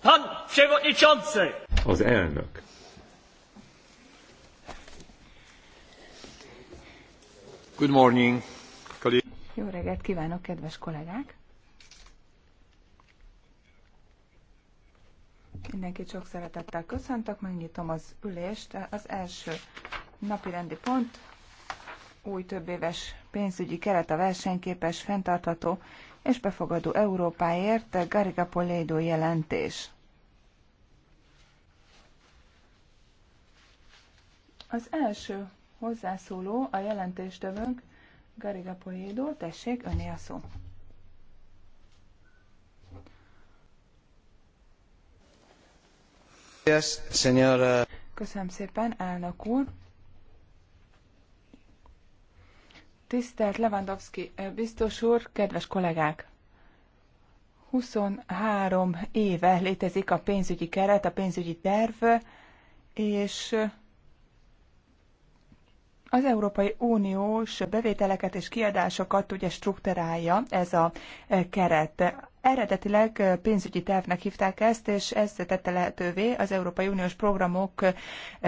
Pan przewodniczący! Az elnök. Good morning. Jó reggelt kívánok, kedves kollégák! Mindenkit sok szeretettel köszöntök, megnyitom az ülést. Az első napi rendi pont, új többéves pénzügyi keret a versenyképes, fenntartható és befogadó Európáért Gariga Polledo jelentés. Az első hozzászóló a jelentéstövőnk, Gariga Poédó, tessék, öné a szó. Köszönöm szépen, elnök úr. Tisztelt Lewandowski eh, biztos úr, kedves kollégák! 23 éve létezik a pénzügyi keret, a pénzügyi terv, és az Európai Uniós bevételeket és kiadásokat ugye strukturálja ez a e, keret. Eredetileg pénzügyi tervnek hívták ezt, és ez tette lehetővé az Európai Uniós programok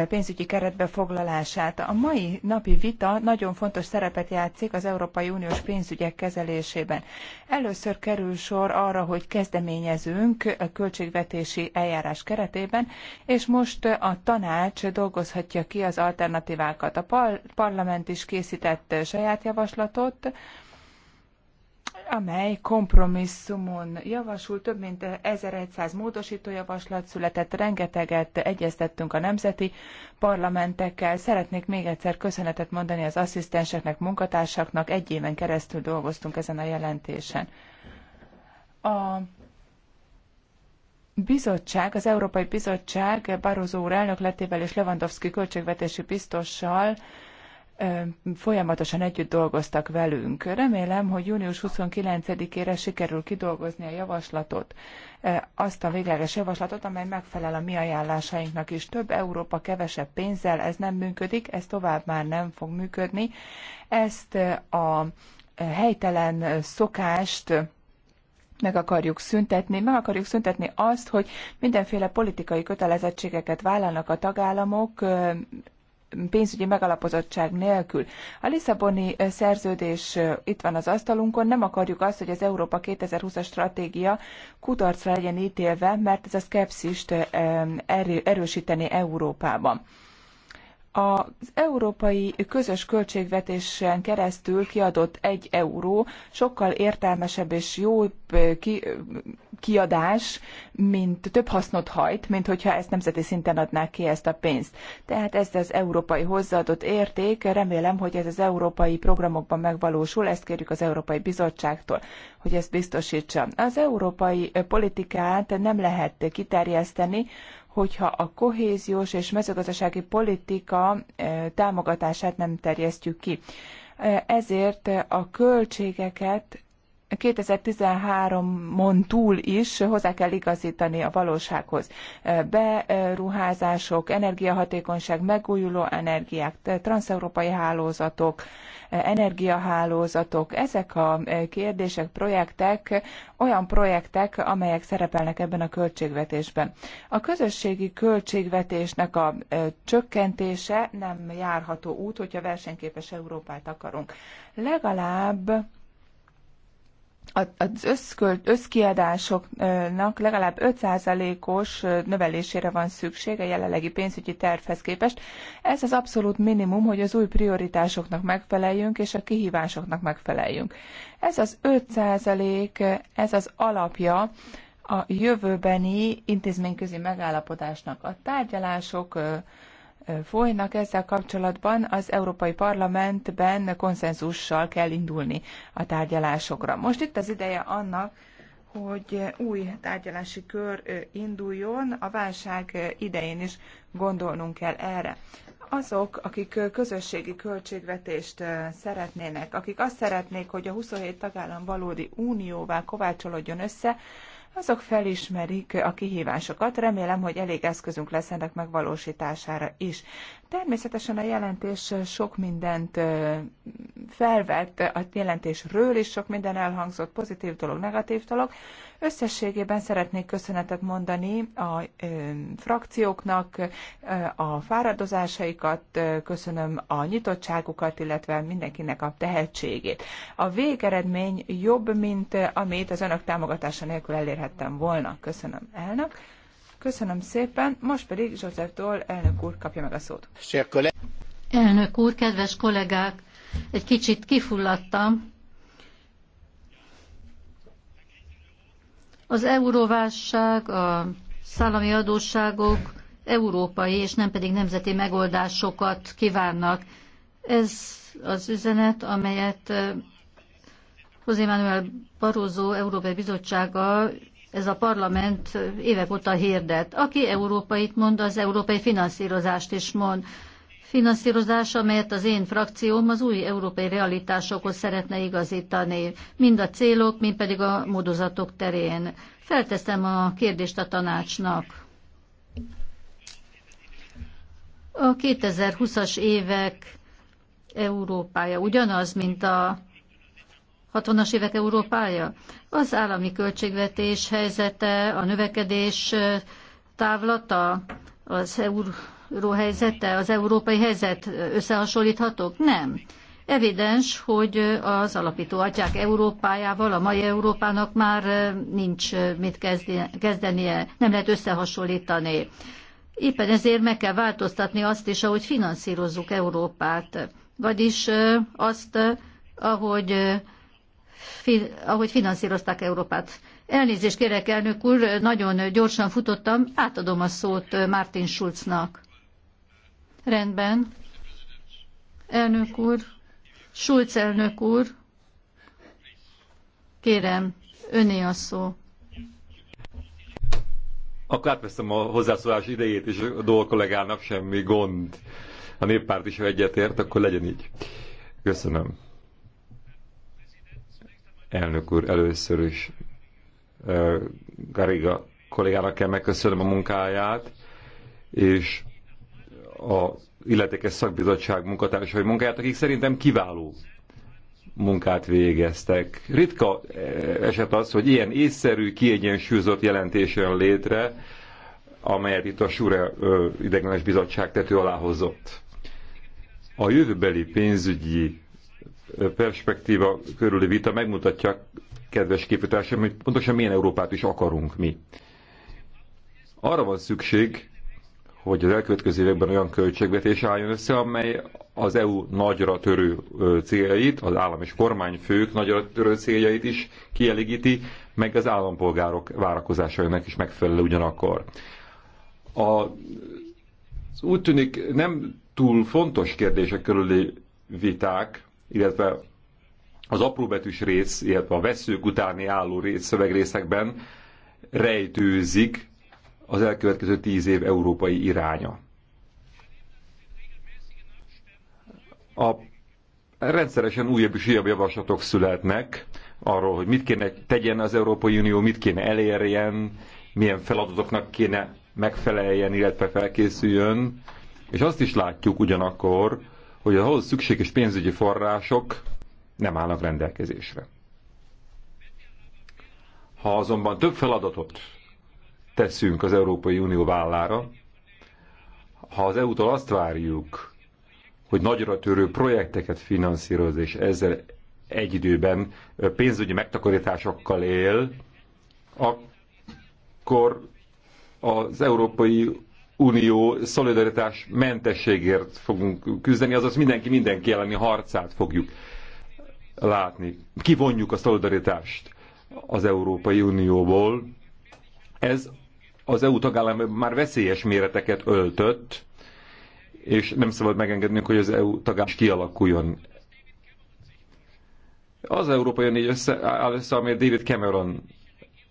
pénzügyi keretbe foglalását. A mai napi vita nagyon fontos szerepet játszik az Európai Uniós pénzügyek kezelésében. Először kerül sor arra, hogy kezdeményezünk a költségvetési eljárás keretében, és most a tanács dolgozhatja ki az alternatívákat. A parlament is készített saját javaslatot, amely kompromisszumon javasult, több mint 1100 módosító javaslat született, rengeteget egyeztettünk a nemzeti parlamentekkel. Szeretnék még egyszer köszönetet mondani az asszisztenseknek, munkatársaknak, egy éven keresztül dolgoztunk ezen a jelentésen. A bizottság, az Európai Bizottság Barozó úr elnökletével és Lewandowski költségvetési biztossal folyamatosan együtt dolgoztak velünk. Remélem, hogy június 29-ére sikerül kidolgozni a javaslatot, azt a végleges javaslatot, amely megfelel a mi ajánlásainknak is. Több Európa kevesebb pénzzel ez nem működik, ez tovább már nem fog működni. Ezt a helytelen szokást meg akarjuk szüntetni, meg akarjuk szüntetni azt, hogy mindenféle politikai kötelezettségeket vállalnak a tagállamok pénzügyi megalapozottság nélkül. A Lisszaboni szerződés itt van az asztalunkon, nem akarjuk azt, hogy az Európa 2020-as stratégia kudarcra legyen ítélve, mert ez a szkepszist erősíteni Európában az európai közös költségvetésen keresztül kiadott egy euró sokkal értelmesebb és jobb ki, kiadás, mint több hasznot hajt, mint hogyha ezt nemzeti szinten adnák ki ezt a pénzt. Tehát ez az európai hozzáadott érték, remélem, hogy ez az európai programokban megvalósul, ezt kérjük az Európai Bizottságtól, hogy ezt biztosítsa. Az európai politikát nem lehet kiterjeszteni, hogyha a kohéziós és mezőgazdasági politika eh, támogatását nem terjesztjük ki. Eh, ezért a költségeket 2013-on túl is hozzá kell igazítani a valósághoz. Beruházások, energiahatékonyság, megújuló energiák, transeurópai hálózatok, energiahálózatok, ezek a kérdések, projektek olyan projektek, amelyek szerepelnek ebben a költségvetésben. A közösségi költségvetésnek a csökkentése nem járható út, hogyha versenyképes Európát akarunk. Legalább az összkölt, összkiadásoknak legalább 5%-os növelésére van szükség a jelenlegi pénzügyi tervhez képest. Ez az abszolút minimum, hogy az új prioritásoknak megfeleljünk és a kihívásoknak megfeleljünk. Ez az 5%, ez az alapja a jövőbeni intézményközi megállapodásnak. A tárgyalások folynak ezzel kapcsolatban, az Európai Parlamentben konszenzussal kell indulni a tárgyalásokra. Most itt az ideje annak, hogy új tárgyalási kör induljon, a válság idején is gondolnunk kell erre. Azok, akik közösségi költségvetést szeretnének, akik azt szeretnék, hogy a 27 tagállam valódi unióvá kovácsolódjon össze, azok felismerik a kihívásokat. Remélem, hogy elég eszközünk lesz ennek megvalósítására is. Természetesen a jelentés sok mindent felvett, a jelentésről is sok minden elhangzott, pozitív dolog, negatív dolog. Összességében szeretnék köszönetet mondani a frakcióknak, a fáradozásaikat, köszönöm a nyitottságukat, illetve mindenkinek a tehetségét. A végeredmény jobb, mint amit az önök támogatása nélkül elérhettem volna. Köszönöm elnök. Köszönöm szépen, most pedig József Dól elnök úr kapja meg a szót. Elnök úr, kedves kollégák, egy kicsit kifulladtam. Az euróválság, a szállami adósságok európai és nem pedig nemzeti megoldásokat kívánnak. Ez az üzenet, amelyet eh, José Manuel Barroso Európai Bizottsága ez a parlament évek óta hirdet. Aki európait mond, az európai finanszírozást is mond. Finanszírozás, amelyet az én frakcióm az új európai realitásokhoz szeretne igazítani, mind a célok, mind pedig a módozatok terén. Felteszem a kérdést a tanácsnak. A 2020-as évek Európája ugyanaz, mint a 60-as évek Európája? Az állami költségvetés helyzete, a növekedés távlata, az euró helyzete, az európai helyzet összehasonlíthatók? Nem. Evidens, hogy az alapító atyák Európájával, a mai Európának már nincs mit kezdenie, nem lehet összehasonlítani. Éppen ezért meg kell változtatni azt is, ahogy finanszírozzuk Európát, vagyis azt, ahogy ahogy finanszírozták Európát. Elnézést kérek, elnök úr, nagyon gyorsan futottam, átadom a szót Martin Schulznak. Rendben. Elnök úr, Schulz elnök úr, kérem, öné a szó. Akkor átveszem a hozzászólás idejét, és a dolg kollégának semmi gond. A néppárt is, ha egyetért, akkor legyen így. Köszönöm. Elnök úr, először is Gariga kollégának kell megköszönöm a munkáját, és a illetékes szakbizottság munkatársai munkáját, akik szerintem kiváló munkát végeztek. Ritka eset az, hogy ilyen észszerű, kiegyensúlyozott jelentés jön létre, amelyet itt a Súre Idegenes Bizottság tető alá hozott. A jövőbeli pénzügyi perspektíva körüli vita megmutatja, kedves képviselőtársaim, hogy pontosan milyen Európát is akarunk mi. Arra van szükség, hogy az elkövetkező években olyan költségvetés álljon össze, amely az EU nagyra törő céljait, az állam és kormányfők nagyra törő céljait is kielégíti, meg az állampolgárok várakozásainak is megfelel ugyanakkor. A, úgy tűnik nem túl fontos kérdések körüli viták illetve az apróbetűs rész, illetve a veszők utáni álló rész, szövegrészekben rejtőzik az elkövetkező tíz év európai iránya. A rendszeresen újabb és újabb javaslatok születnek arról, hogy mit kéne tegyen az Európai Unió, mit kéne elérjen, milyen feladatoknak kéne megfeleljen, illetve felkészüljön. És azt is látjuk ugyanakkor, hogy ahhoz szükséges pénzügyi források nem állnak rendelkezésre. Ha azonban több feladatot teszünk az Európai Unió vállára, ha az EU-tól azt várjuk, hogy nagyra törő projekteket finanszíroz, és ezzel egy időben pénzügyi megtakarításokkal él, akkor az Európai Unió szolidaritás mentességért fogunk küzdeni, azaz mindenki mindenki elleni harcát fogjuk látni. Kivonjuk a szolidaritást az Európai Unióból. Ez az EU tagállam már veszélyes méreteket öltött, és nem szabad megengednünk, hogy az EU tagállam is kialakuljon. Az Európai Unió össze, áll össze, amely David Cameron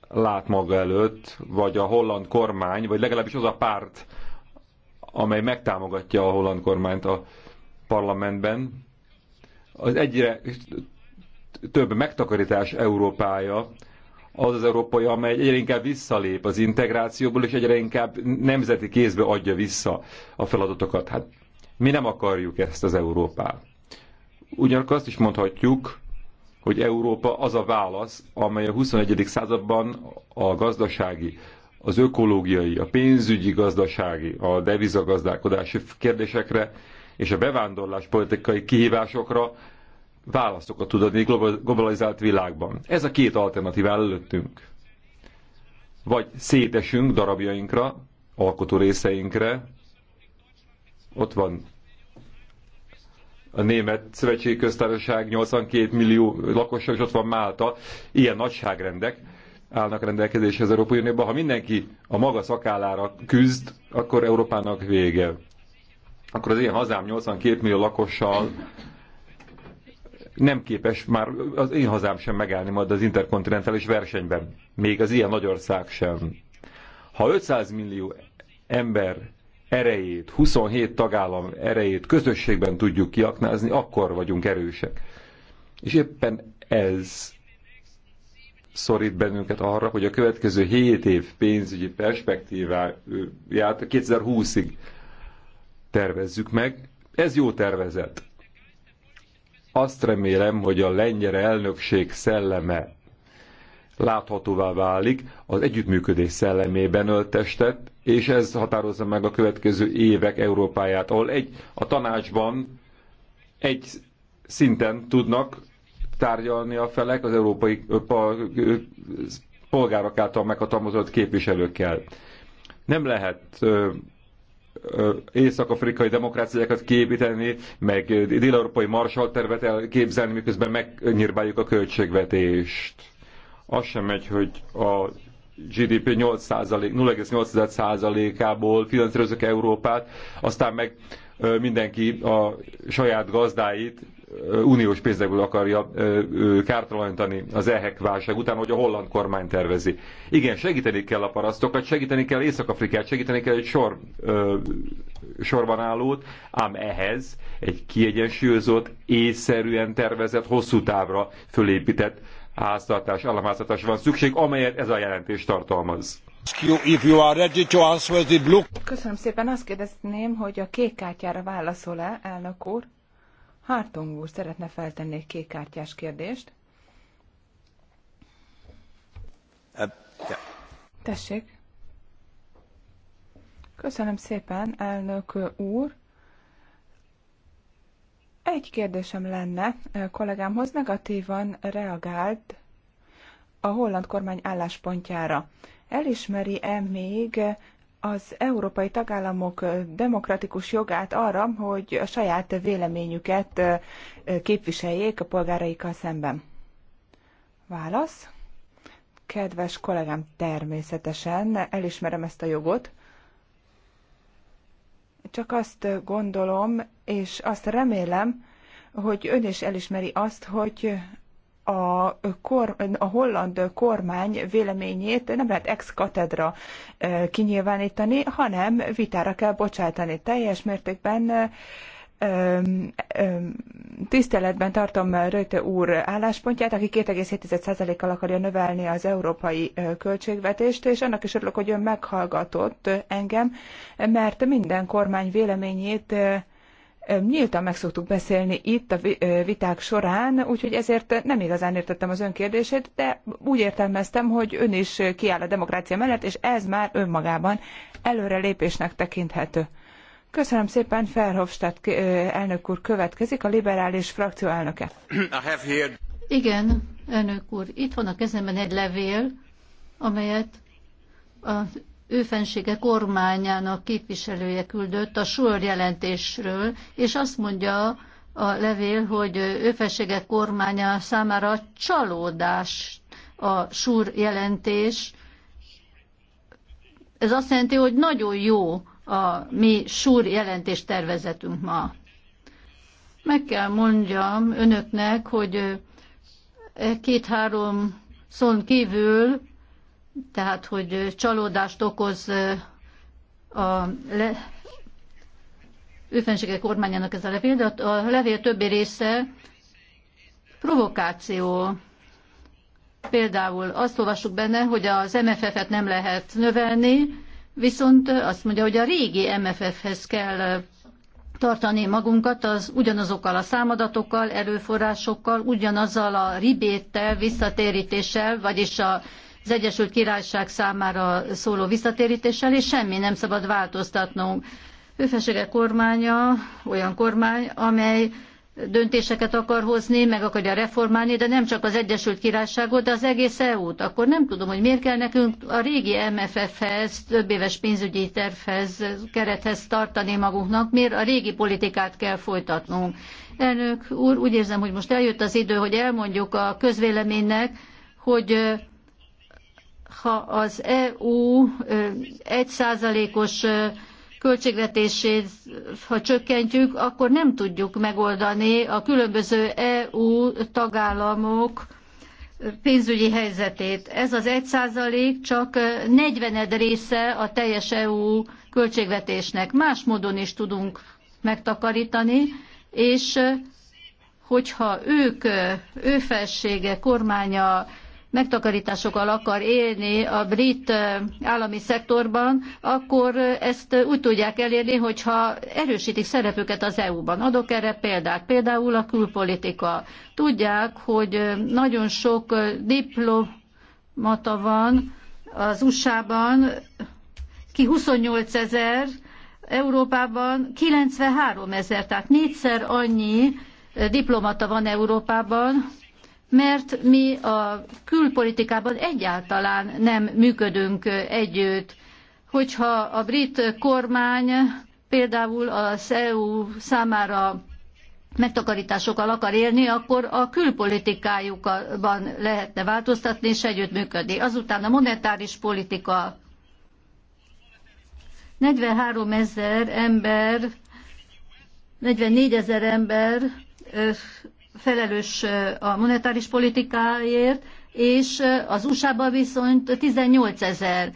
lát maga előtt, vagy a holland kormány, vagy legalábbis az a párt, amely megtámogatja a holland kormányt a parlamentben. Az egyre több megtakarítás Európája, az az európai, amely egyre inkább visszalép az integrációból, és egyre inkább nemzeti kézbe adja vissza a feladatokat. Hát mi nem akarjuk ezt az Európát. Ugyanakkor azt is mondhatjuk, hogy Európa az a válasz, amely a 21. században a gazdasági, az ökológiai, a pénzügyi, gazdasági, a devizagazdálkodási kérdésekre és a bevándorlás politikai kihívásokra válaszokat tud adni globalizált világban. Ez a két alternatív előttünk. Vagy szétesünk darabjainkra, alkotó részeinkre, ott van a német szövetségi köztársaság 82 millió lakosa, és ott van Málta, ilyen nagyságrendek, állnak rendelkezésre az Európai Unióban. Ha mindenki a maga szakállára küzd, akkor Európának vége. Akkor az én hazám 82 millió lakossal nem képes már az én hazám sem megállni majd az interkontinentális versenyben. Még az ilyen nagy ország sem. Ha 500 millió ember erejét, 27 tagállam erejét közösségben tudjuk kiaknázni, akkor vagyunk erősek. És éppen ez szorít bennünket arra, hogy a következő 7 év pénzügyi perspektíváját 2020-ig tervezzük meg. Ez jó tervezet. Azt remélem, hogy a lengyel elnökség szelleme láthatóvá válik, az együttműködés szellemében öltestet, és ez határozza meg a következő évek Európáját, ahol egy, a tanácsban egy szinten tudnak tárgyalni a felek az európai a polgárok által meghatalmazott képviselőkkel. Nem lehet észak-afrikai demokráciákat kiépíteni, meg dél-európai marsaltervet elképzelni, miközben megnyírbáljuk a költségvetést. Az sem megy, hogy a GDP 0,8%-ából finanszírozok Európát, aztán meg mindenki a saját gazdáit uniós pénzekből akarja kártalanítani az EHEK válság után, hogy a holland kormány tervezi. Igen, segíteni kell a parasztokat, segíteni kell Észak-Afrikát, segíteni kell egy sor, ö, sorban állót, ám ehhez egy kiegyensúlyozott, észszerűen tervezett, hosszú távra fölépített háztartás, államháztartás van szükség, amelyet ez a jelentés tartalmaz. Köszönöm szépen, azt kérdezném, hogy a kék kártyára válaszol-e, elnök úr? Hártong úr szeretne feltenni egy kékkártyás kérdést. Tessék. Köszönöm szépen, elnök úr. Egy kérdésem lenne, kollégámhoz negatívan reagált a holland kormány álláspontjára. Elismeri-e még az európai tagállamok demokratikus jogát arra, hogy a saját véleményüket képviseljék a polgáraikkal szemben? Válasz. Kedves kollégám, természetesen elismerem ezt a jogot. Csak azt gondolom, és azt remélem, hogy ön is elismeri azt, hogy a, kor, a holland kormány véleményét nem lehet ex katedra kinyilvánítani, hanem vitára kell bocsátani. Teljes mértékben tiszteletben tartom Röte úr álláspontját, aki 2,7%-kal akarja növelni az európai költségvetést, és annak is örülök, hogy ön meghallgatott engem, mert minden kormány véleményét nyíltan meg szoktuk beszélni itt a viták során, úgyhogy ezért nem igazán értettem az ön kérdését, de úgy értelmeztem, hogy ön is kiáll a demokrácia mellett, és ez már önmagában előrelépésnek tekinthető. Köszönöm szépen, Ferhofstadt elnök úr következik, a liberális frakció elnöke. Igen, elnök úr, itt van a kezemben egy levél, amelyet az ő fensége kormányának képviselője küldött a SUR jelentésről, és azt mondja a levél, hogy ő fensége kormánya számára csalódás a SUR jelentés. Ez azt jelenti, hogy nagyon jó a mi SUR jelentés tervezetünk ma. Meg kell mondjam önöknek, hogy eh, két-három szón kívül tehát hogy csalódást okoz a le, őfenségek kormányának ez a levél, de a levél többi része provokáció. Például azt olvassuk benne, hogy az MFF-et nem lehet növelni, viszont azt mondja, hogy a régi MFF-hez kell tartani magunkat az ugyanazokkal a számadatokkal, erőforrásokkal, ugyanazzal a ribéttel, visszatérítéssel, vagyis a az Egyesült Királyság számára szóló visszatérítéssel, és semmi nem szabad változtatnunk. Őfesége kormánya olyan kormány, amely döntéseket akar hozni, meg akarja reformálni, de nem csak az Egyesült Királyságot, de az egész EU-t. Akkor nem tudom, hogy miért kell nekünk a régi MFF-hez, többéves pénzügyi tervhez, kerethez tartani magunknak, miért a régi politikát kell folytatnunk. Elnök úr, úgy érzem, hogy most eljött az idő, hogy elmondjuk a közvéleménynek, hogy ha az EU egy százalékos költségvetését, ha csökkentjük, akkor nem tudjuk megoldani a különböző EU tagállamok pénzügyi helyzetét. Ez az egy százalék csak 40 része a teljes EU költségvetésnek. Más módon is tudunk megtakarítani, és hogyha ők, őfelsége, kormánya megtakarításokkal akar élni a brit állami szektorban, akkor ezt úgy tudják elérni, hogyha erősítik szerepüket az EU-ban. Adok erre példát. Például a külpolitika. Tudják, hogy nagyon sok diplomata van az USA-ban, ki 28 ezer, Európában 93 ezer, tehát négyszer annyi diplomata van Európában, mert mi a külpolitikában egyáltalán nem működünk együtt. Hogyha a brit kormány például az EU számára megtakarításokkal akar élni, akkor a külpolitikájukban lehetne változtatni és együttműködni. Azután a monetáris politika. 43 ezer ember, 44 ezer ember felelős a monetáris politikáért, és az USA-ban viszont 18 ezer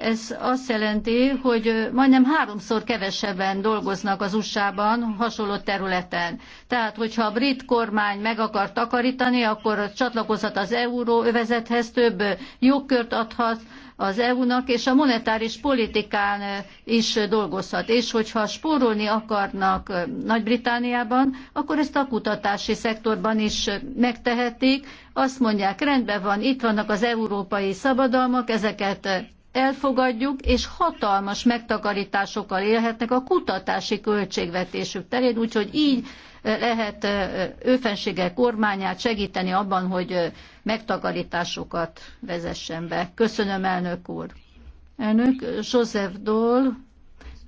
ez azt jelenti, hogy majdnem háromszor kevesebben dolgoznak az USA-ban hasonló területen. Tehát, hogyha a brit kormány meg akar takarítani, akkor csatlakozhat az euróövezethez, több jogkört adhat az EU-nak, és a monetáris politikán is dolgozhat. És hogyha spórolni akarnak Nagy-Britániában, akkor ezt a kutatási szektorban is megtehetik. Azt mondják, rendben van, itt vannak az európai szabadalmak, ezeket elfogadjuk, és hatalmas megtakarításokkal élhetnek a kutatási költségvetésük terén, úgyhogy így eh, lehet eh, őfenséggel kormányát segíteni abban, hogy eh, megtakarításokat vezessen be. Köszönöm, elnök úr. Elnök Joseph Dól,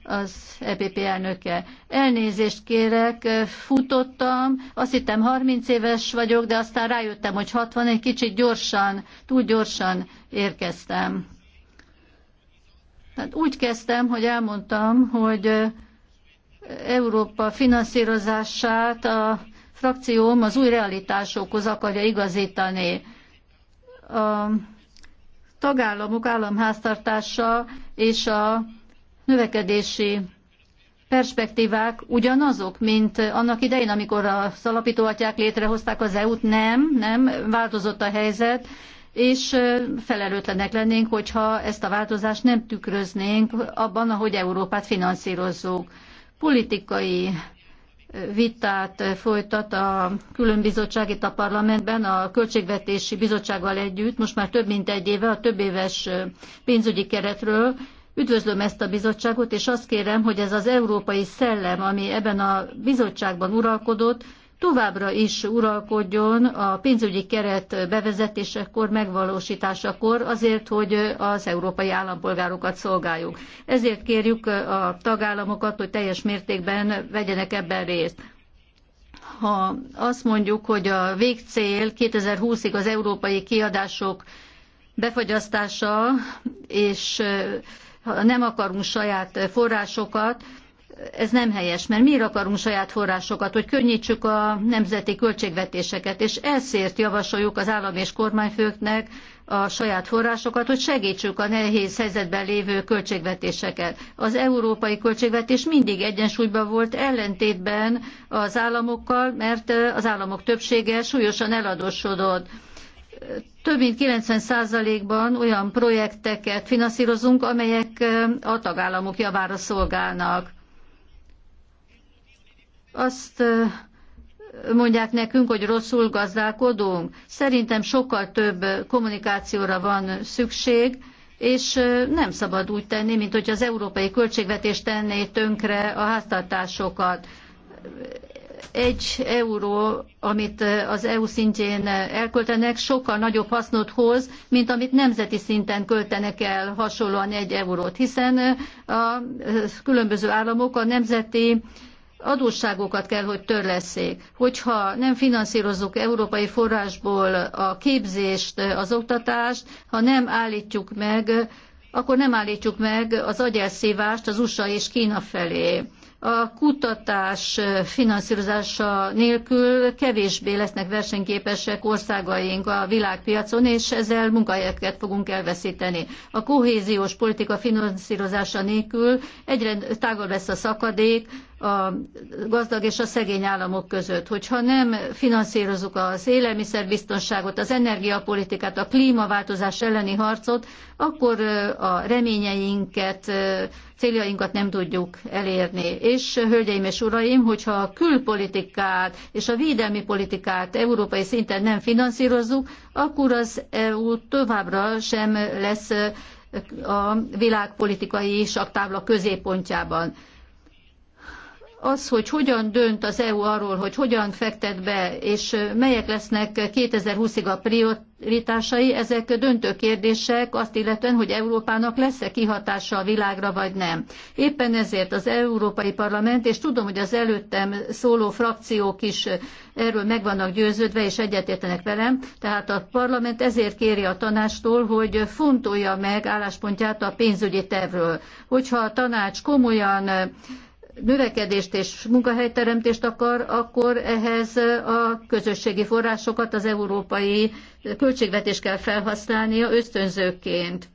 az EPP elnöke. Elnézést kérek, futottam, azt hittem 30 éves vagyok, de aztán rájöttem, hogy 60, egy kicsit gyorsan, túl gyorsan érkeztem. Hát úgy kezdtem, hogy elmondtam, hogy Európa finanszírozását a frakcióm az új realitásokhoz akarja igazítani. A tagállamok államháztartása és a növekedési perspektívák ugyanazok, mint annak idején, amikor az alapítóatyák létrehozták az EU-t? Nem, nem, változott a helyzet, és felelőtlenek lennénk, hogyha ezt a változást nem tükröznénk abban, ahogy Európát finanszírozzuk. Politikai vitát folytat a különbizottság itt a parlamentben, a Költségvetési Bizottsággal együtt, most már több mint egy éve a több éves pénzügyi keretről. Üdvözlöm ezt a bizottságot, és azt kérem, hogy ez az európai szellem, ami ebben a bizottságban uralkodott, továbbra is uralkodjon a pénzügyi keret bevezetésekor, megvalósításakor, azért, hogy az európai állampolgárokat szolgáljuk. Ezért kérjük a tagállamokat, hogy teljes mértékben vegyenek ebben részt ha azt mondjuk, hogy a végcél 2020-ig az európai kiadások befogyasztása, és ha nem akarunk saját forrásokat, ez nem helyes, mert miért akarunk saját forrásokat, hogy könnyítsük a nemzeti költségvetéseket, és ezért javasoljuk az állam és kormányfőknek a saját forrásokat, hogy segítsük a nehéz helyzetben lévő költségvetéseket. Az európai költségvetés mindig egyensúlyban volt ellentétben az államokkal, mert az államok többsége súlyosan eladósodott több mint 90%-ban olyan projekteket finanszírozunk, amelyek a tagállamok javára szolgálnak. Azt mondják nekünk, hogy rosszul gazdálkodunk. Szerintem sokkal több kommunikációra van szükség, és nem szabad úgy tenni, mint hogy az európai költségvetés tenné tönkre a háztartásokat. Egy euró, amit az EU szintjén elköltenek, sokkal nagyobb hasznot hoz, mint amit nemzeti szinten költenek el hasonlóan egy eurót, hiszen a különböző államok a nemzeti adósságokat kell, hogy törleszék. Hogyha nem finanszírozzuk európai forrásból a képzést, az oktatást, ha nem állítjuk meg, akkor nem állítjuk meg az agyelszívást az USA és Kína felé. A kutatás finanszírozása nélkül kevésbé lesznek versenyképesek országaink a világpiacon, és ezzel munkahelyeket fogunk elveszíteni. A kohéziós politika finanszírozása nélkül egyre tágabb lesz a szakadék, a gazdag és a szegény államok között. Hogyha nem finanszírozunk az élelmiszerbiztonságot, az energiapolitikát, a klímaváltozás elleni harcot, akkor a reményeinket, céljainkat nem tudjuk elérni. És hölgyeim és uraim, hogyha a külpolitikát és a védelmi politikát európai szinten nem finanszírozzuk, akkor az EU továbbra sem lesz a világpolitikai saktábla középpontjában az, hogy hogyan dönt az EU arról, hogy hogyan fektet be, és melyek lesznek 2020-ig a prioritásai, ezek döntő kérdések azt illetően, hogy Európának lesz-e kihatása a világra, vagy nem. Éppen ezért az Európai Parlament, és tudom, hogy az előttem szóló frakciók is erről meg vannak győződve, és egyetértenek velem, tehát a parlament ezért kéri a tanástól, hogy fontolja meg álláspontját a pénzügyi tervről. Hogyha a tanács komolyan növekedést és munkahelyteremtést akar, akkor ehhez a közösségi forrásokat az európai költségvetés kell felhasználnia ösztönzőként.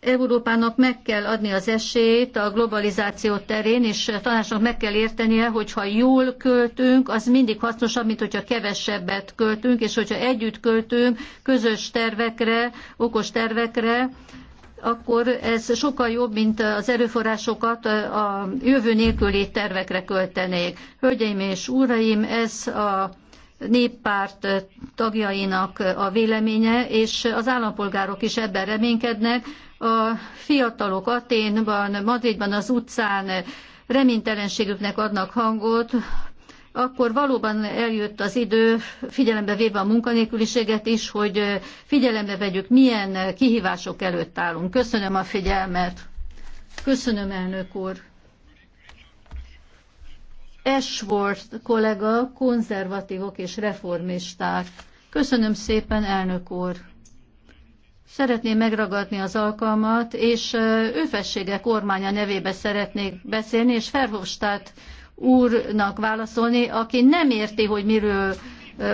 Európának meg kell adni az esélyt a globalizáció terén, és tanácsnak meg kell értenie, hogy ha jól költünk, az mindig hasznosabb, mint hogyha kevesebbet költünk, és hogyha együtt költünk közös tervekre, okos tervekre, akkor ez sokkal jobb, mint az erőforrásokat a jövő nélküli tervekre költenék. Hölgyeim és uraim, ez a néppárt tagjainak a véleménye, és az állampolgárok is ebben reménykednek. A fiatalok Aténban, Madridban, az utcán reménytelenségüknek adnak hangot, akkor valóban eljött az idő, figyelembe véve a munkanélküliséget is, hogy figyelembe vegyük, milyen kihívások előtt állunk. Köszönöm a figyelmet. Köszönöm, elnök úr. Ashworth kollega, konzervatívok és reformisták. Köszönöm szépen, elnök úr. Szeretném megragadni az alkalmat, és őfessége kormánya nevébe szeretnék beszélni, és Ferhofstadt úrnak válaszolni, aki nem érti, hogy miről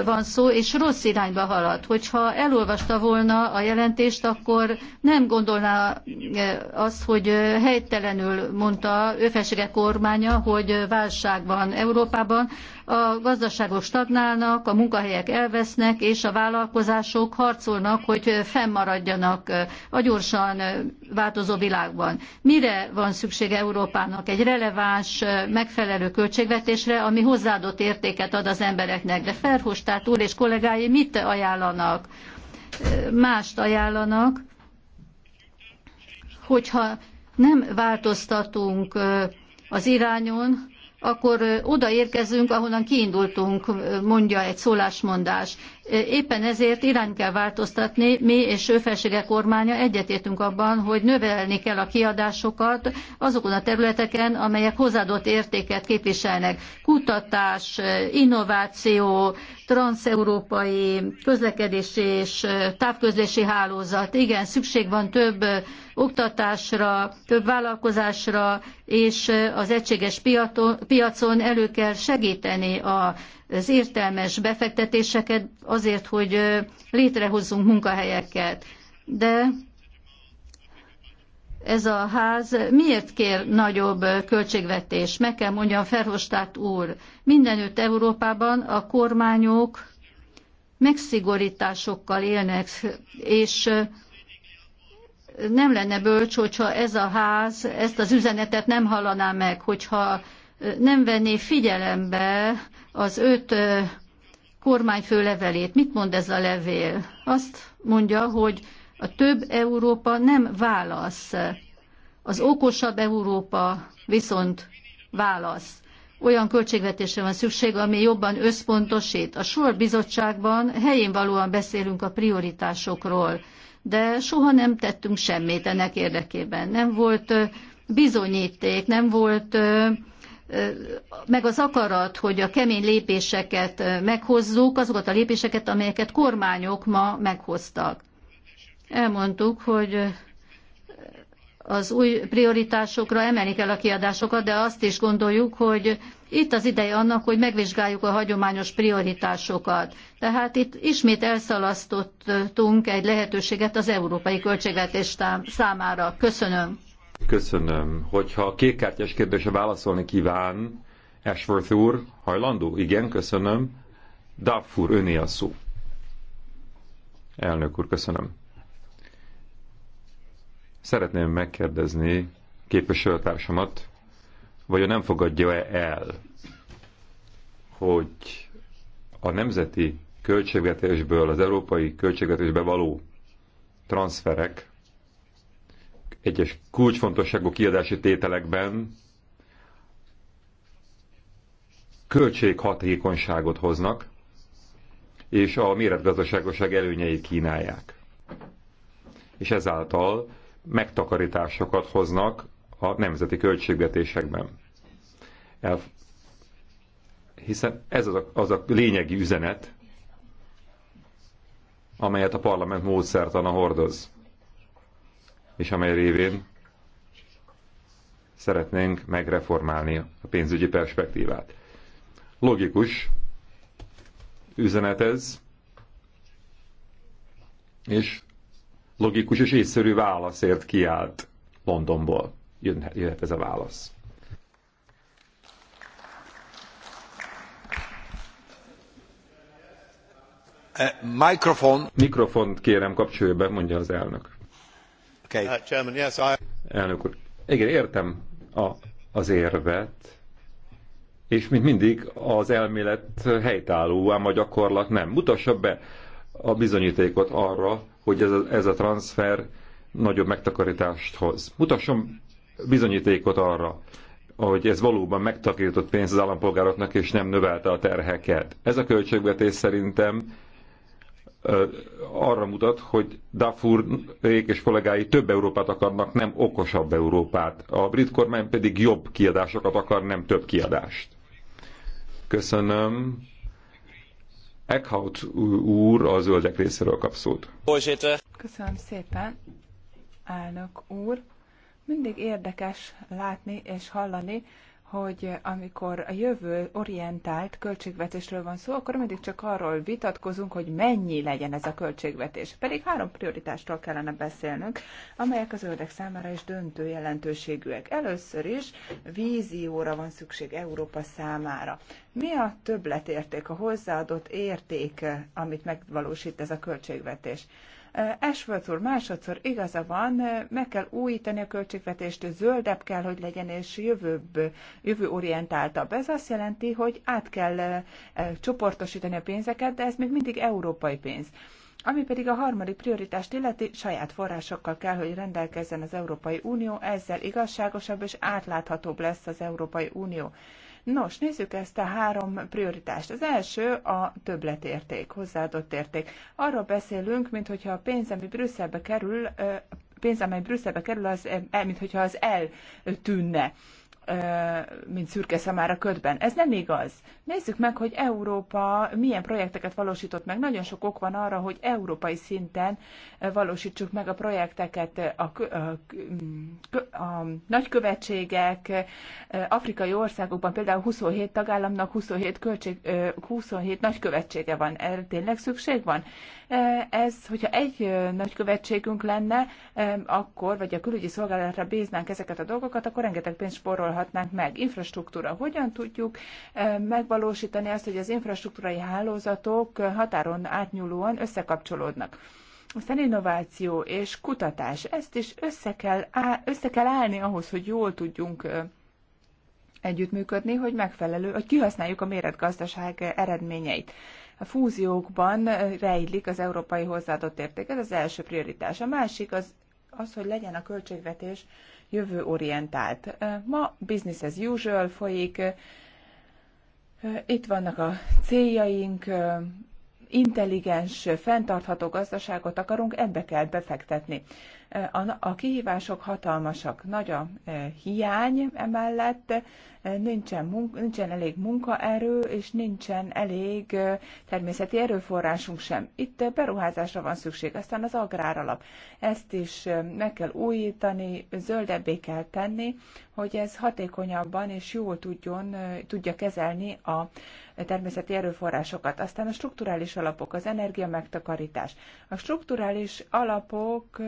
van szó, és rossz irányba halad. Hogyha elolvasta volna a jelentést, akkor nem gondolná azt, hogy helytelenül mondta ő kormánya, hogy válság van Európában, a gazdaságok stagnálnak, a munkahelyek elvesznek, és a vállalkozások harcolnak, hogy fennmaradjanak a gyorsan változó világban. Mire van szükség Európának? Egy releváns, megfelelő költségvetésre, ami hozzáadott értéket ad az embereknek. De Ferhostát úr és kollégái mit ajánlanak? Mást ajánlanak, hogyha nem változtatunk az irányon, akkor odaérkezünk, ahonnan kiindultunk, mondja egy szólásmondás. Éppen ezért irány kell változtatni, mi és ő felsége kormánya egyetértünk abban, hogy növelni kell a kiadásokat azokon a területeken, amelyek hozzáadott értéket képviselnek. Kutatás, innováció, transeurópai közlekedési és távközlési hálózat. Igen, szükség van több oktatásra, több vállalkozásra, és az egységes piacon elő kell segíteni a az értelmes befektetéseket azért, hogy létrehozzunk munkahelyeket. De ez a ház miért kér nagyobb költségvetés? Meg kell mondjam, Ferhostát úr, mindenütt Európában a kormányok megszigorításokkal élnek, és nem lenne bölcs, hogyha ez a ház ezt az üzenetet nem hallaná meg, hogyha nem venné figyelembe az öt kormányfő levelét. Mit mond ez a levél? Azt mondja, hogy a több Európa nem válasz. Az okosabb Európa viszont válasz. Olyan költségvetésre van szükség, ami jobban összpontosít. A sor bizottságban helyén valóan beszélünk a prioritásokról, de soha nem tettünk semmit ennek érdekében. Nem volt bizonyíték, nem volt meg az akarat, hogy a kemény lépéseket meghozzuk, azokat a lépéseket, amelyeket kormányok ma meghoztak. Elmondtuk, hogy az új prioritásokra emelni kell a kiadásokat, de azt is gondoljuk, hogy itt az ideje annak, hogy megvizsgáljuk a hagyományos prioritásokat. Tehát itt ismét elszalasztottunk egy lehetőséget az európai költségvetés számára. Köszönöm. Köszönöm. Hogyha a kékkártyás kérdése válaszolni kíván, Ashworth úr, hajlandó? Igen, köszönöm. Duff úr, öné a szó. Elnök úr, köszönöm. Szeretném megkérdezni képviselőtársamat, a nem fogadja-e el, hogy a nemzeti költségvetésből az európai költségvetésbe való transferek egyes kulcsfontosságú kiadási tételekben költséghatékonyságot hoznak, és a méretgazdaságoság előnyeit kínálják. És ezáltal megtakarításokat hoznak a nemzeti költségvetésekben. El, hiszen ez az a, az a lényegi üzenet, amelyet a parlament módszertana hordoz és amely révén szeretnénk megreformálni a pénzügyi perspektívát. Logikus üzenet ez, és logikus és észszerű válaszért kiállt Londonból. Jöhet ez a válasz. Eh, mikrofon. Mikrofont kérem kapcsolja be, mondja az elnök. Uh, Elnök úr, igen, értem a, az érvet, és mint mindig az elmélet helytálló, ám a gyakorlat nem. Mutassa be a bizonyítékot arra, hogy ez a, ez a transfer nagyobb megtakarítást hoz. Mutasson bizonyítékot arra, hogy ez valóban megtakarított pénz az állampolgároknak, és nem növelte a terheket. Ez a költségvetés szerintem arra mutat, hogy Dafur és kollégái több Európát akarnak, nem okosabb Európát. A brit kormány pedig jobb kiadásokat akar, nem több kiadást. Köszönöm. Eckhout úr a zöldek részéről kap szót. Köszönöm szépen, elnök úr. Mindig érdekes látni és hallani, hogy amikor a jövő orientált költségvetésről van szó, akkor mindig csak arról vitatkozunk, hogy mennyi legyen ez a költségvetés. Pedig három prioritástól kellene beszélnünk, amelyek az ördög számára is döntő jelentőségűek. Először is vízióra van szükség Európa számára. Mi a többletérték, a hozzáadott érték, amit megvalósít ez a költségvetés? Ashworth úr, másodszor igaza van, meg kell újítani a költségvetést, zöldebb kell, hogy legyen, és jövőbb, orientáltabb. Ez azt jelenti, hogy át kell eh, csoportosítani a pénzeket, de ez még mindig európai pénz. Ami pedig a harmadik prioritást illeti, saját forrásokkal kell, hogy rendelkezzen az Európai Unió, ezzel igazságosabb és átláthatóbb lesz az Európai Unió. Nos, nézzük ezt a három prioritást. Az első a többletérték, hozzáadott érték. Arról beszélünk, mintha a pénz, ami Brüsszelbe kerül, pénz, amely Brüsszelbe kerül, az, eh, mintha az eltűnne mint szürke szemára ködben. Ez nem igaz. Nézzük meg, hogy Európa milyen projekteket valósított meg. Nagyon sok ok van arra, hogy európai szinten valósítsuk meg a projekteket. A, a, a, a nagykövetségek afrikai országokban például 27 tagállamnak 27, költség, 27 nagykövetsége van. Erre tényleg szükség van? Ez, hogyha egy nagykövetségünk lenne, akkor, vagy a külügyi szolgálatra bíznánk ezeket a dolgokat, akkor rengeteg pénzt spórol spórolhatnánk meg. Infrastruktúra. Hogyan tudjuk megvalósítani azt, hogy az infrastruktúrai hálózatok határon átnyúlóan összekapcsolódnak? Aztán innováció és kutatás. Ezt is össze kell, áll, össze kell állni ahhoz, hogy jól tudjunk együttműködni, hogy megfelelő, hogy kihasználjuk a méretgazdaság eredményeit. A fúziókban rejlik az európai hozzáadott érték, ez az első prioritás. A másik az, az hogy legyen a költségvetés jövőorientált. Ma business as usual folyik, itt vannak a céljaink, intelligens, fenntartható gazdaságot akarunk, ebbe kell befektetni. A kihívások hatalmasak, nagy a e, hiány emellett, e, nincsen, munka, nincsen elég munkaerő, és nincsen elég e, természeti erőforrásunk sem. Itt beruházásra van szükség, aztán az agráralap. Ezt is meg kell újítani, zöldebbé kell tenni, hogy ez hatékonyabban és jól tudjon, tudja kezelni a természeti erőforrásokat. Aztán a strukturális alapok, az energia A strukturális alapok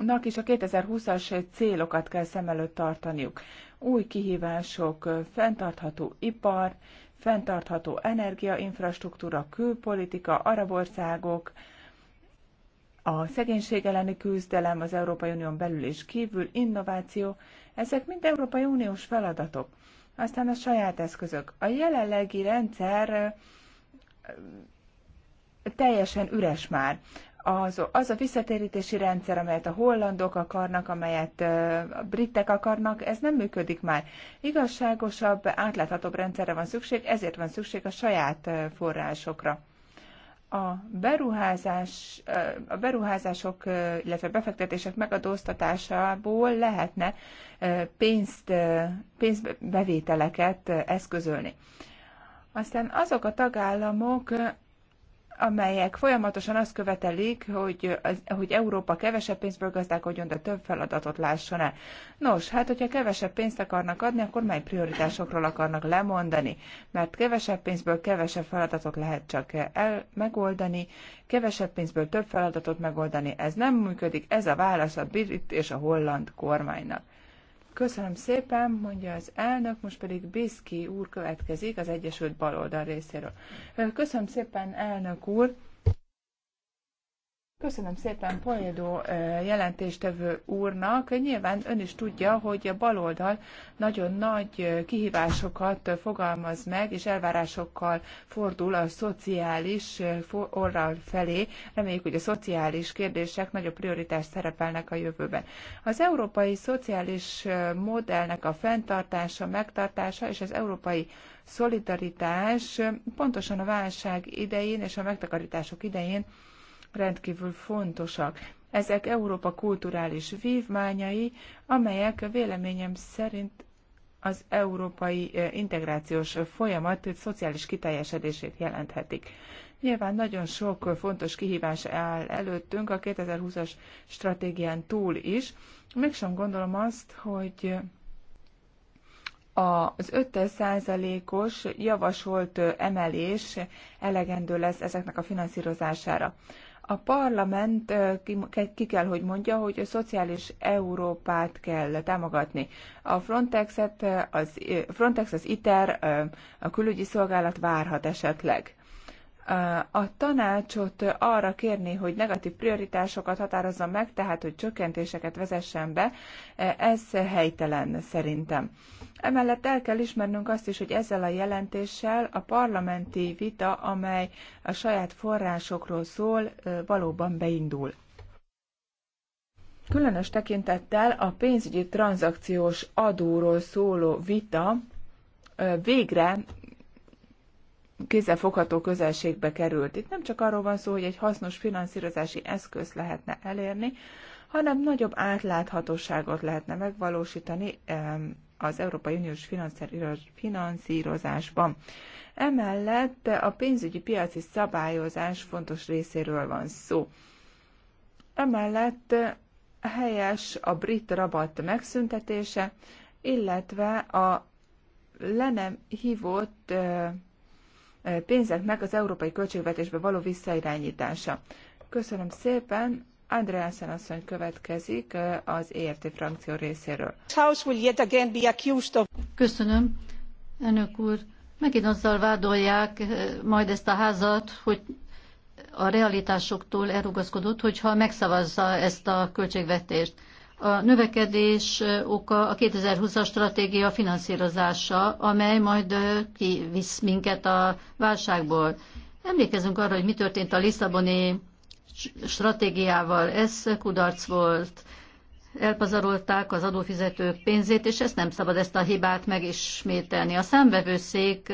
nak is a 2020-as célokat kell szem előtt tartaniuk. Új kihívások, fenntartható ipar, fenntartható energiainfrastruktúra, külpolitika, arab országok, a szegénység elleni küzdelem az Európai Unión belül és kívül, innováció, ezek mind Európai Uniós feladatok. Aztán a saját eszközök. A jelenlegi rendszer teljesen üres már az, az a visszatérítési rendszer, amelyet a hollandok akarnak, amelyet a britek akarnak, ez nem működik már. Igazságosabb, átláthatóbb rendszerre van szükség, ezért van szükség a saját forrásokra. A, beruházás, a beruházások, illetve befektetések megadóztatásából lehetne pénzt, pénzbevételeket eszközölni. Aztán azok a tagállamok, amelyek folyamatosan azt követelik, hogy, az, hogy Európa kevesebb pénzből gazdálkodjon, de több feladatot lásson el. Nos, hát hogyha kevesebb pénzt akarnak adni, akkor mely prioritásokról akarnak lemondani? Mert kevesebb pénzből kevesebb feladatot lehet csak el megoldani, kevesebb pénzből több feladatot megoldani, ez nem működik, ez a válasz a brit és a holland kormánynak. Köszönöm szépen, mondja az elnök, most pedig Biszki úr következik az Egyesült Baloldal részéről. Köszönöm szépen, elnök úr! Köszönöm szépen Poédó jelentéstevő úrnak. Nyilván ön is tudja, hogy a baloldal nagyon nagy kihívásokat fogalmaz meg, és elvárásokkal fordul a szociális orral felé. Reméljük, hogy a szociális kérdések nagyobb prioritást szerepelnek a jövőben. Az európai szociális modellnek a fenntartása, megtartása és az európai szolidaritás pontosan a válság idején és a megtakarítások idején rendkívül fontosak. Ezek Európa kulturális vívmányai, amelyek véleményem szerint az európai integrációs folyamat szociális kiteljesedését jelenthetik. Nyilván nagyon sok fontos kihívás áll előttünk a 2020-as stratégián túl is. Mégsem gondolom azt, hogy az 5%-os javasolt emelés elegendő lesz ezeknek a finanszírozására. A parlament ki kell, hogy mondja, hogy a szociális Európát kell támogatni. A Frontexet, az, Frontex, az ITER, a külügyi szolgálat várhat esetleg a tanácsot arra kérni, hogy negatív prioritásokat határozzon meg, tehát hogy csökkentéseket vezessen be, ez helytelen szerintem. Emellett el kell ismernünk azt is, hogy ezzel a jelentéssel a parlamenti vita, amely a saját forrásokról szól, valóban beindul. Különös tekintettel a pénzügyi tranzakciós adóról szóló vita végre kézzelfogható közelségbe került. Itt nem csak arról van szó, hogy egy hasznos finanszírozási eszköz lehetne elérni, hanem nagyobb átláthatóságot lehetne megvalósítani az Európai Uniós finanszírozásban. Emellett a pénzügyi piaci szabályozás fontos részéről van szó. Emellett helyes a brit rabat megszüntetése, illetve a le nem hívott pénzeknek az európai költségvetésbe való visszairányítása. Köszönöm szépen. Andreasen asszony következik az ERT frakció részéről. Köszönöm, elnök úr. Megint azzal vádolják majd ezt a házat, hogy a realitásoktól elrugaszkodott, hogyha megszavazza ezt a költségvetést. A növekedés oka a 2020-as stratégia finanszírozása, amely majd kivisz minket a válságból. Emlékezünk arra, hogy mi történt a Lisszaboni stratégiával. Ez kudarc volt. Elpazarolták az adófizetők pénzét, és ezt nem szabad ezt a hibát megismételni. A számvevőszék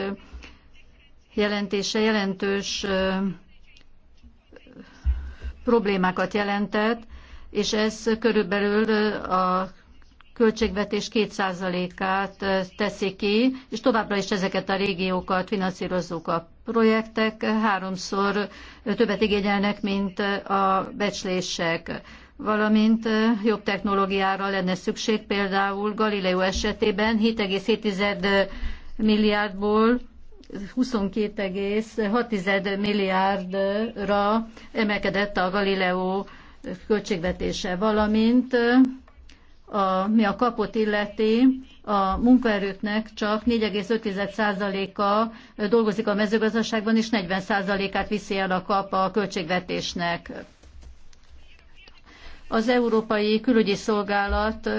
jelentése jelentős problémákat jelentett, és ez körülbelül a költségvetés 2%-át teszi ki, és továbbra is ezeket a régiókat finanszírozzuk a projektek, háromszor többet igényelnek, mint a becslések valamint jobb technológiára lenne szükség, például Galileo esetében 7,7 milliárdból 22,6 milliárdra emelkedett a Galileo költségvetése, valamint a, mi a kapot illeti, a munkaerőknek csak 4,5%-a dolgozik a mezőgazdaságban, és 40%-át viszi el a kap a költségvetésnek. Az Európai Külügyi Szolgálat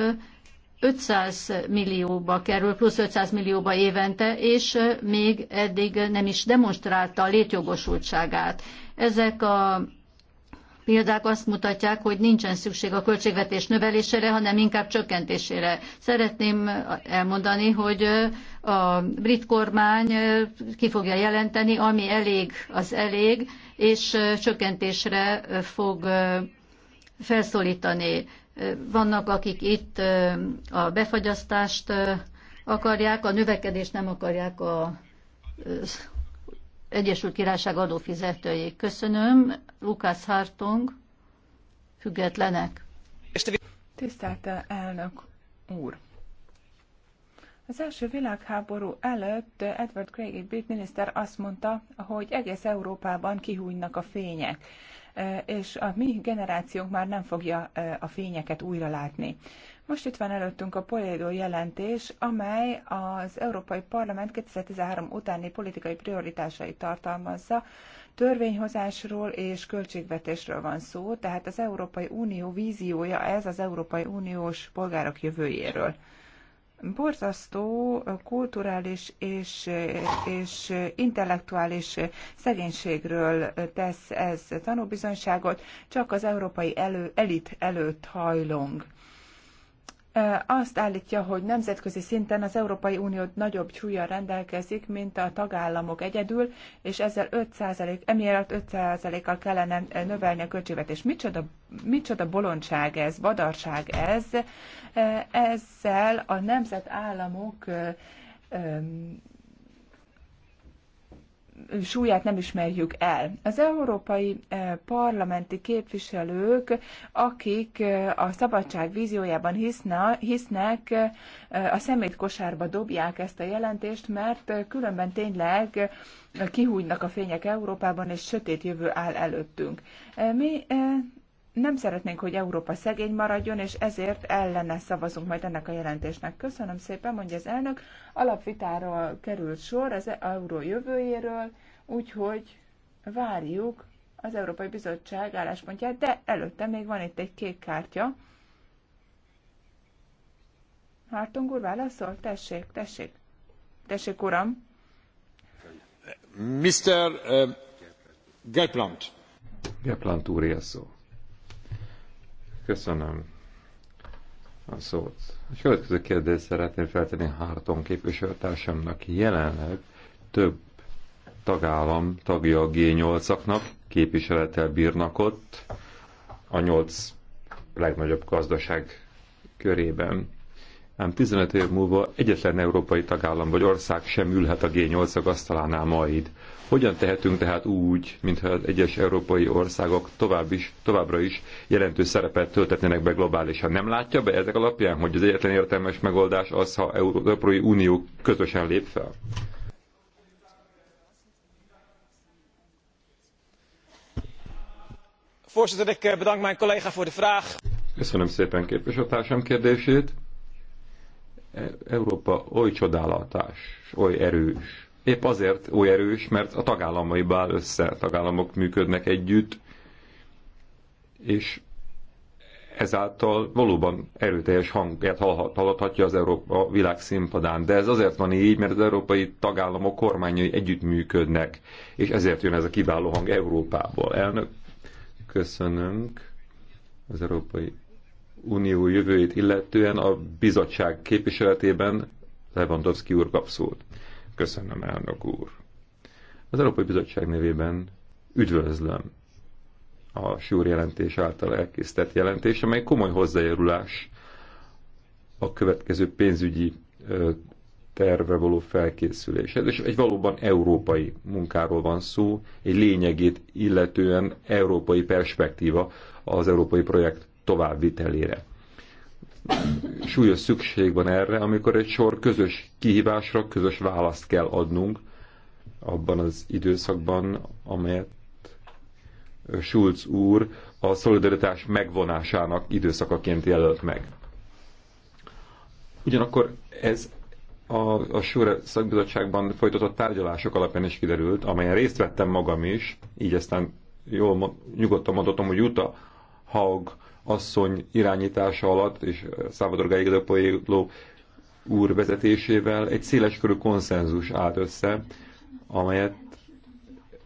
500 millióba kerül, plusz 500 millióba évente, és még eddig nem is demonstrálta a létjogosultságát. Ezek a példák azt mutatják, hogy nincsen szükség a költségvetés növelésére, hanem inkább csökkentésére. Szeretném elmondani, hogy a brit kormány ki fogja jelenteni, ami elég, az elég, és csökkentésre fog felszólítani. Vannak, akik itt a befagyasztást akarják, a növekedést nem akarják a Egyesült Királyság adófizetői. Köszönöm. Lukász Hartong, függetlenek. Tisztelt elnök úr! Az első világháború előtt Edward Craig brit miniszter azt mondta, hogy egész Európában kihújnak a fények, és a mi generációnk már nem fogja a fényeket újra látni. Most itt van előttünk a Polédó jelentés, amely az Európai Parlament 2013 utáni politikai prioritásait tartalmazza. Törvényhozásról és költségvetésről van szó, tehát az Európai Unió víziója ez az Európai Uniós polgárok jövőjéről borzasztó kulturális és, és intellektuális szegénységről tesz ez tanúbizonyságot, csak az európai elő, elit előtt hajlong azt állítja, hogy nemzetközi szinten az Európai Unió nagyobb súlya rendelkezik, mint a tagállamok egyedül, és ezzel 5%, emiatt 5%-kal kellene növelni a költségvetést. Micsoda, micsoda bolondság ez, vadarság ez, ezzel a nemzetállamok súlyát nem ismerjük el. Az európai eh, parlamenti képviselők, akik eh, a szabadság víziójában hisznek, eh, a szemét kosárba dobják ezt a jelentést, mert különben tényleg kihújnak a fények Európában, és sötét jövő áll előttünk. Mi nem szeretnénk, hogy Európa szegény maradjon, és ezért ellene szavazunk majd ennek a jelentésnek. Köszönöm szépen, mondja az elnök. Alapvitáról került sor az euró jövőjéről, úgyhogy várjuk az Európai Bizottság álláspontját, de előtte még van itt egy kék kártya. Hártong úr válaszol? Tessék, tessék. Tessék, uram. Mr. Uh, eh, Geplant. Geplant úr, szó. Köszönöm a szót. A következő kérdést szeretném feltenni Hárton képviselőtársamnak. Jelenleg több tagállam tagja a G8-aknak, képviselettel bírnak ott, a nyolc legnagyobb gazdaság körében. Ám 15 év múlva egyetlen európai tagállam vagy ország sem ülhet a G8-ak asztalánál majd. Hogyan tehetünk tehát úgy, mintha az egyes európai országok tovább is, továbbra is jelentős szerepet töltetnének be globálisan? Nem látja be ezek alapján, hogy az egyetlen értelmes megoldás az, ha Európai Unió közösen lép fel? Voorzitter, ik eh, bedank mijn collega voor de vraag. Köszönöm szépen képviselőtársam kérdését. E- Európa oly csodálatos, oly erős, épp azért oly erős, mert a tagállamai áll össze, a tagállamok működnek együtt, és ezáltal valóban erőteljes hangját hallhatja az Európa világ színpadán. De ez azért van így, mert az európai tagállamok kormányai együttműködnek, és ezért jön ez a kiváló hang Európából. Elnök, köszönünk az Európai Unió jövőjét illetően a bizottság képviseletében Lewandowski úr kap szót. Köszönöm, elnök úr. Az Európai Bizottság nevében üdvözlöm a Súr jelentés által elkészített jelentés, amely komoly hozzájárulás a következő pénzügyi terve való felkészüléshez, és egy valóban európai munkáról van szó, egy lényegét illetően európai perspektíva az európai projekt továbbvitelére súlyos szükség van erre, amikor egy sor közös kihívásra közös választ kell adnunk abban az időszakban, amelyet Schulz úr a szolidaritás megvonásának időszakaként jelölt meg. Ugyanakkor ez a, a Sure szakbizottságban folytatott tárgyalások alapján is kiderült, amelyen részt vettem magam is, így aztán jól nyugodtan mondhatom, hogy Juta Haug asszony irányítása alatt és Salvador Gallego úr vezetésével egy széleskörű konszenzus állt össze, amelyet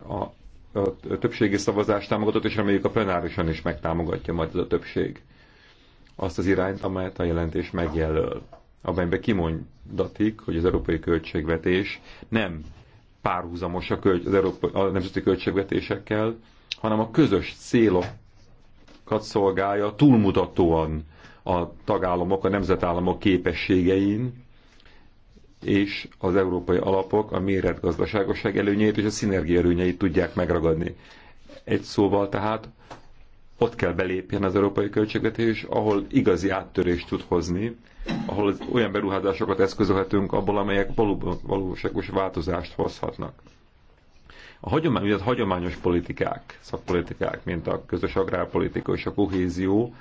a, a többségi szavazás támogatott, és reméljük a plenárisan is megtámogatja majd ez a többség azt az irányt, amelyet a jelentés megjelöl, amelyben kimondatik, hogy az európai költségvetés nem párhuzamos a költ, az, európai, a nemzeti költségvetésekkel, hanem a közös célok szolgálja túlmutatóan a tagállamok, a nemzetállamok képességein, és az európai alapok a gazdaságosság előnyeit és a szinergia előnyeit tudják megragadni. Egy szóval tehát ott kell belépjen az európai költségvetés, ahol igazi áttörést tud hozni, ahol olyan beruházásokat eszközölhetünk abból, amelyek való, valóságos változást hozhatnak. A hagyomány, ugye, hagyományos politikák, szakpolitikák, mint a közös agrárpolitika és a kohézió,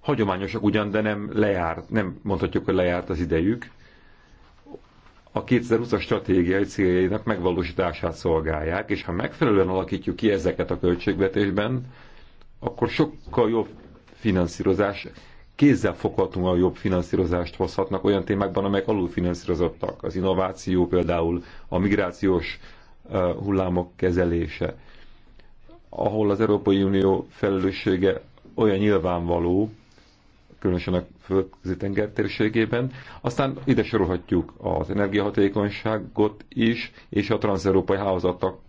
hagyományosak ugyan, de nem lejárt, nem mondhatjuk, hogy lejárt az idejük. A 2020-as stratégiai céljainak megvalósítását szolgálják, és ha megfelelően alakítjuk ki ezeket a költségvetésben, akkor sokkal jobb finanszírozás a jobb finanszírozást hozhatnak olyan témákban, amelyek finanszírozottak Az innováció például, a migrációs hullámok kezelése, ahol az Európai Unió felelőssége olyan nyilvánvaló, különösen a földközi tenger térségében. Aztán ide sorolhatjuk az energiahatékonyságot is, és a transzeurópai hálózatok,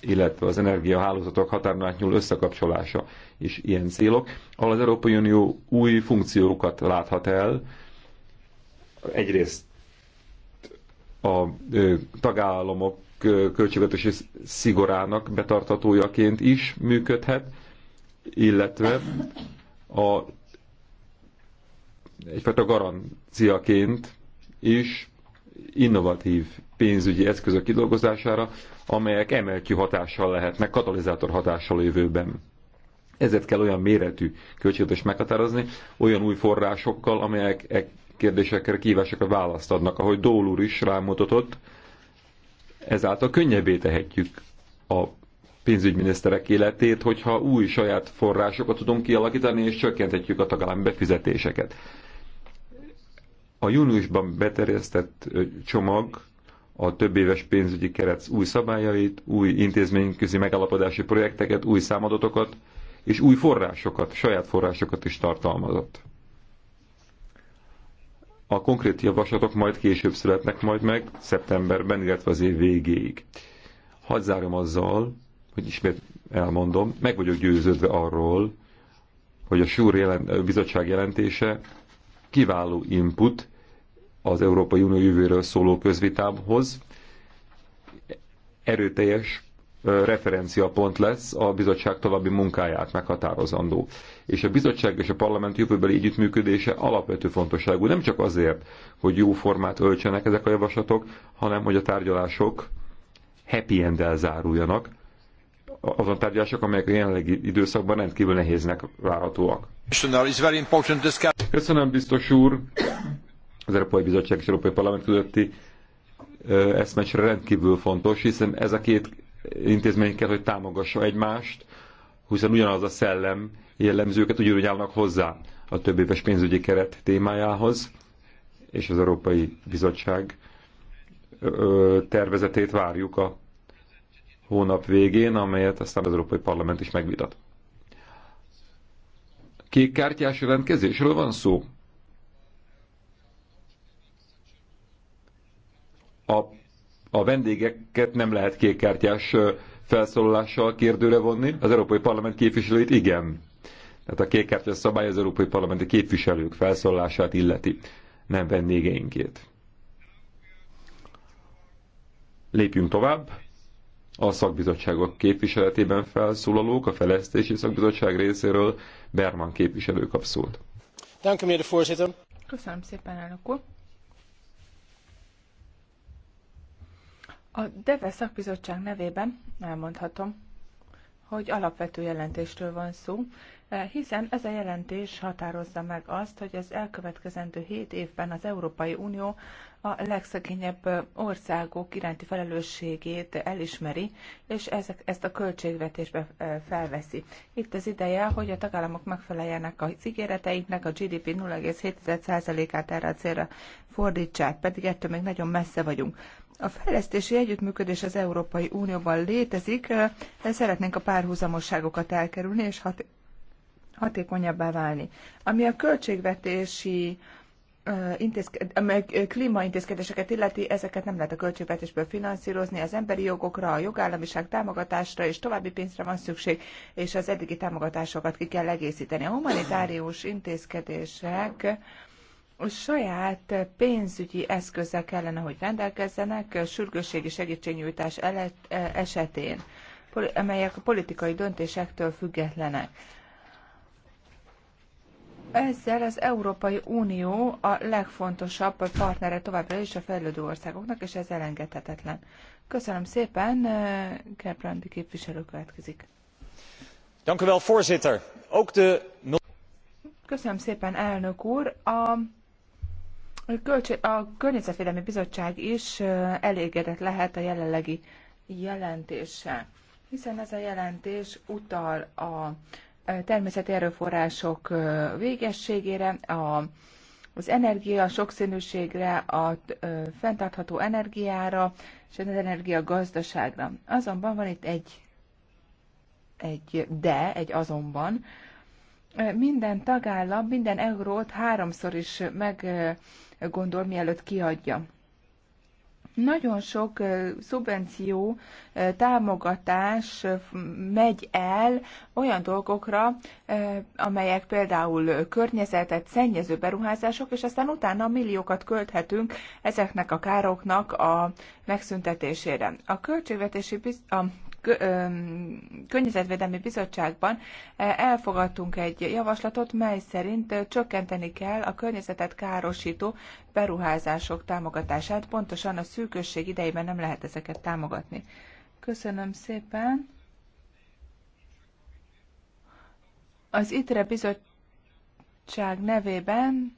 illetve az energiahálózatok határnál nyúl összekapcsolása és ilyen célok, ahol az Európai Unió új funkciókat láthat el. Egyrészt a tagállamok költségvetési szigorának betartatójaként is működhet, illetve a, egyfajta garanciaként is innovatív pénzügyi eszközök kidolgozására, amelyek emeltjű hatással lehetnek, katalizátor hatással jövőben. Ezért kell olyan méretű költségvetés meghatározni, olyan új forrásokkal, amelyek e kérdésekre, kívásokra választ adnak, ahogy Dól úr is rámutatott, ezáltal könnyebbé tehetjük a pénzügyminiszterek életét, hogyha új saját forrásokat tudunk kialakítani, és csökkenthetjük a tagállami befizetéseket. A júniusban beterjesztett csomag a több éves pénzügyi keret új szabályait, új intézményközi megállapodási projekteket, új számadatokat és új forrásokat, saját forrásokat is tartalmazott. A konkrét javaslatok majd később születnek majd meg, szeptemberben, illetve az év végéig. Hadd zárom azzal, hogy ismét elmondom, meg vagyok győződve arról, hogy a súr jelent, bizottság jelentése kiváló input az Európai Unió jövőről szóló közvitámhoz, erőteljes referenciapont lesz a bizottság további munkáját meghatározandó. És a bizottság és a parlament jövőbeli együttműködése alapvető fontosságú, nem csak azért, hogy jó formát öltsenek ezek a javaslatok, hanem hogy a tárgyalások happy end záruljanak, azon tárgyalások, amelyek a jelenlegi időszakban rendkívül nehéznek várhatóak. Köszönöm, biztos úr! Az Európai Bizottság és Európai Parlament közötti eszmecsre rendkívül fontos, hiszen ez a két intézményeket, hogy támogassa egymást, hiszen ugyanaz a szellem jellemzőket úgy állnak hozzá a több éves pénzügyi keret témájához, és az Európai Bizottság tervezetét várjuk a hónap végén, amelyet aztán az Európai Parlament is megvitat. Kék kártyás rendkezésről van szó? A a vendégeket nem lehet kékkártyás felszólalással kérdőre vonni, az Európai Parlament képviselőit igen. Tehát a kékkártyás szabály az Európai Parlamenti képviselők felszólását illeti, nem vendégeinkét. Lépjünk tovább. A szakbizottságok képviseletében felszólalók, a Felesztési Szakbizottság részéről Berman képviselő kap szót. Köszönöm szépen, elnök úr. A DEVE szakbizottság nevében elmondhatom, hogy alapvető jelentéstől van szó, eh, hiszen ez a jelentés határozza meg azt, hogy az elkövetkezendő hét évben az Európai Unió a legszegényebb eh, országok iránti felelősségét elismeri, és ezek, ezt a költségvetésbe eh, felveszi. Itt az ideje, hogy a tagállamok megfeleljenek a ígéreteiknek, a GDP 0,7%-át erre a célra fordítsák, pedig ettől még nagyon messze vagyunk. A fejlesztési együttműködés az Európai Unióban létezik, eh, szeretnénk a párhuzamosságokat elkerülni és hat- hatékonyabbá válni. Ami a költségvetési eh, intézked, eh, meg klímaintézkedéseket illeti, ezeket nem lehet a költségvetésből finanszírozni, az emberi jogokra, a jogállamiság támogatásra és további pénzre van szükség, és az eddigi támogatásokat ki kell egészíteni. A humanitárius intézkedések a saját pénzügyi eszközzel kellene, hogy rendelkezzenek sürgősségi segítségnyújtás e, esetén, amelyek a politikai döntésektől függetlenek. Ezzel az Európai Unió a legfontosabb partnere továbbra is a fejlődő országoknak, és ez elengedhetetlen. Köszönöm szépen, Gerbrandi képviselő következik. Köszönöm szépen, elnök úr. A a Környezetvédelmi Bizottság is elégedett lehet a jelenlegi jelentéssel, hiszen ez a jelentés utal a természeti erőforrások végességére, a, az energia sokszínűségre, a fenntartható energiára és az energiagazdaságra. Azonban van itt egy, egy de, egy azonban, minden tagállam minden eurót háromszor is meg gondol, mielőtt kiadja. Nagyon sok szubvenció, támogatás megy el olyan dolgokra, amelyek például környezetet szennyező beruházások, és aztán utána milliókat költhetünk ezeknek a károknak a megszüntetésére. A költségvetési biz- a Környezetvédelmi Bizottságban eh, elfogadtunk egy javaslatot, mely szerint eh, csökkenteni kell a környezetet károsító beruházások támogatását. Pontosan a szűkösség idejében nem lehet ezeket támogatni. Köszönöm szépen. Az ITRE bizottság nevében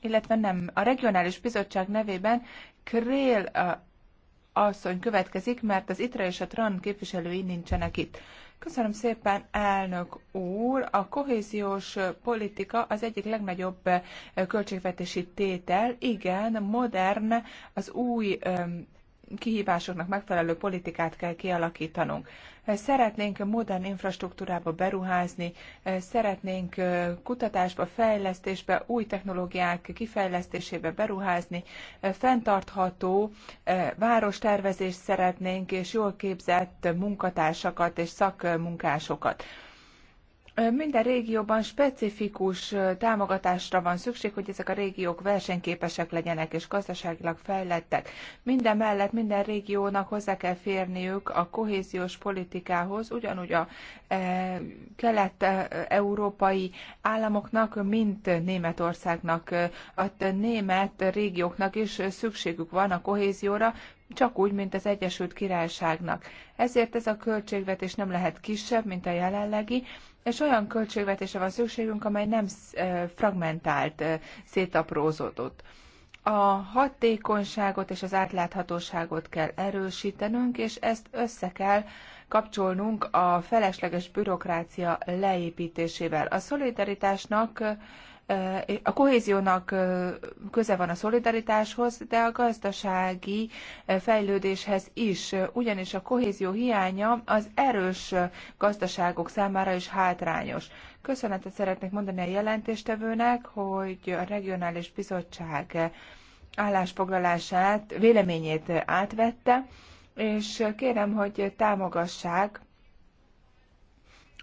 illetve nem, a regionális bizottság nevében Krél asszony következik, mert az ITRA és a TRAN képviselői nincsenek itt. Köszönöm szépen, elnök úr! A kohéziós politika az egyik legnagyobb költségvetési tétel. Igen, modern, az új kihívásoknak megfelelő politikát kell kialakítanunk. Szeretnénk modern infrastruktúrába beruházni, szeretnénk kutatásba, fejlesztésbe, új technológiák kifejlesztésébe beruházni, fenntartható eh, várostervezést szeretnénk, és jól képzett munkatársakat és szakmunkásokat. Minden régióban specifikus támogatásra van szükség, hogy ezek a régiók versenyképesek legyenek és gazdaságilag fejlettek. Minden mellett minden régiónak hozzá kell férniük a kohéziós politikához, ugyanúgy a e, kelet-európai államoknak, mint Németországnak, a német régióknak is szükségük van a kohézióra, csak úgy, mint az Egyesült Királyságnak. Ezért ez a költségvetés nem lehet kisebb, mint a jelenlegi, és olyan költségvetése van szükségünk, amely nem fragmentált, szétaprózódott. A hatékonyságot és az átláthatóságot kell erősítenünk, és ezt össze kell kapcsolnunk a felesleges bürokrácia leépítésével. A szolidaritásnak a kohéziónak köze van a szolidaritáshoz, de a gazdasági fejlődéshez is, ugyanis a kohézió hiánya az erős gazdaságok számára is hátrányos. Köszönetet szeretnék mondani a jelentéstevőnek, hogy a regionális bizottság állásfoglalását, véleményét átvette, és kérem, hogy támogassák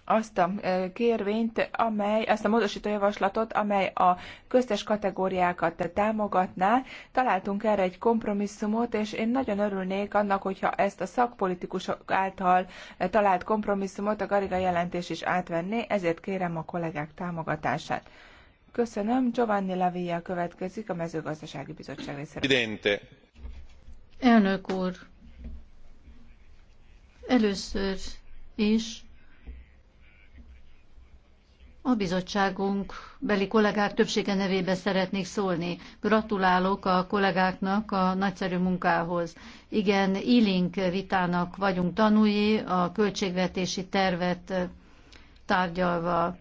azt a kérvényt, amely, azt a módosító javaslatot, amely a köztes kategóriákat támogatná. Találtunk erre egy kompromisszumot, és én nagyon örülnék annak, hogyha ezt a szakpolitikusok által talált kompromisszumot a Gariga jelentés is átvenné, ezért kérem a kollégák támogatását. Köszönöm. Giovanni Lavia következik a mezőgazdasági bizottság részéről. Elnök úr, először is a bizottságunk beli kollégák többsége nevébe szeretnék szólni. Gratulálok a kollégáknak a nagyszerű munkához. Igen, ilink vitának vagyunk tanúi a költségvetési tervet tárgyalva.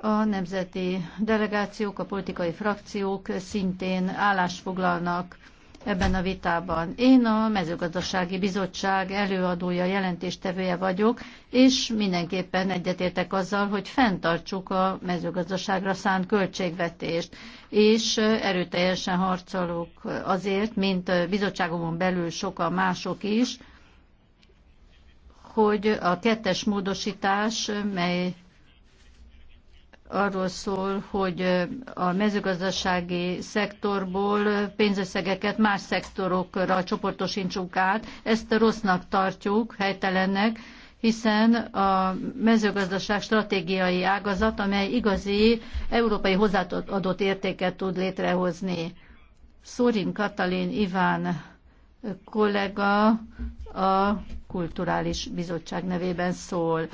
A nemzeti delegációk, a politikai frakciók szintén állásfoglalnak ebben a vitában. Én a mezőgazdasági bizottság előadója, jelentéstevője vagyok, és mindenképpen egyetértek azzal, hogy fenntartsuk a mezőgazdaságra szánt költségvetést, és erőteljesen harcolok azért, mint bizottságomon belül sokan mások is, hogy a kettes módosítás, mely arról szól, hogy a mezőgazdasági szektorból pénzösszegeket más szektorokra csoportosítsuk át. Ezt rossznak tartjuk, helytelennek, hiszen a mezőgazdaság stratégiai ágazat, amely igazi európai hozzáadott értéket tud létrehozni. Szórin Katalin Iván kollega a Kulturális Bizottság nevében szól.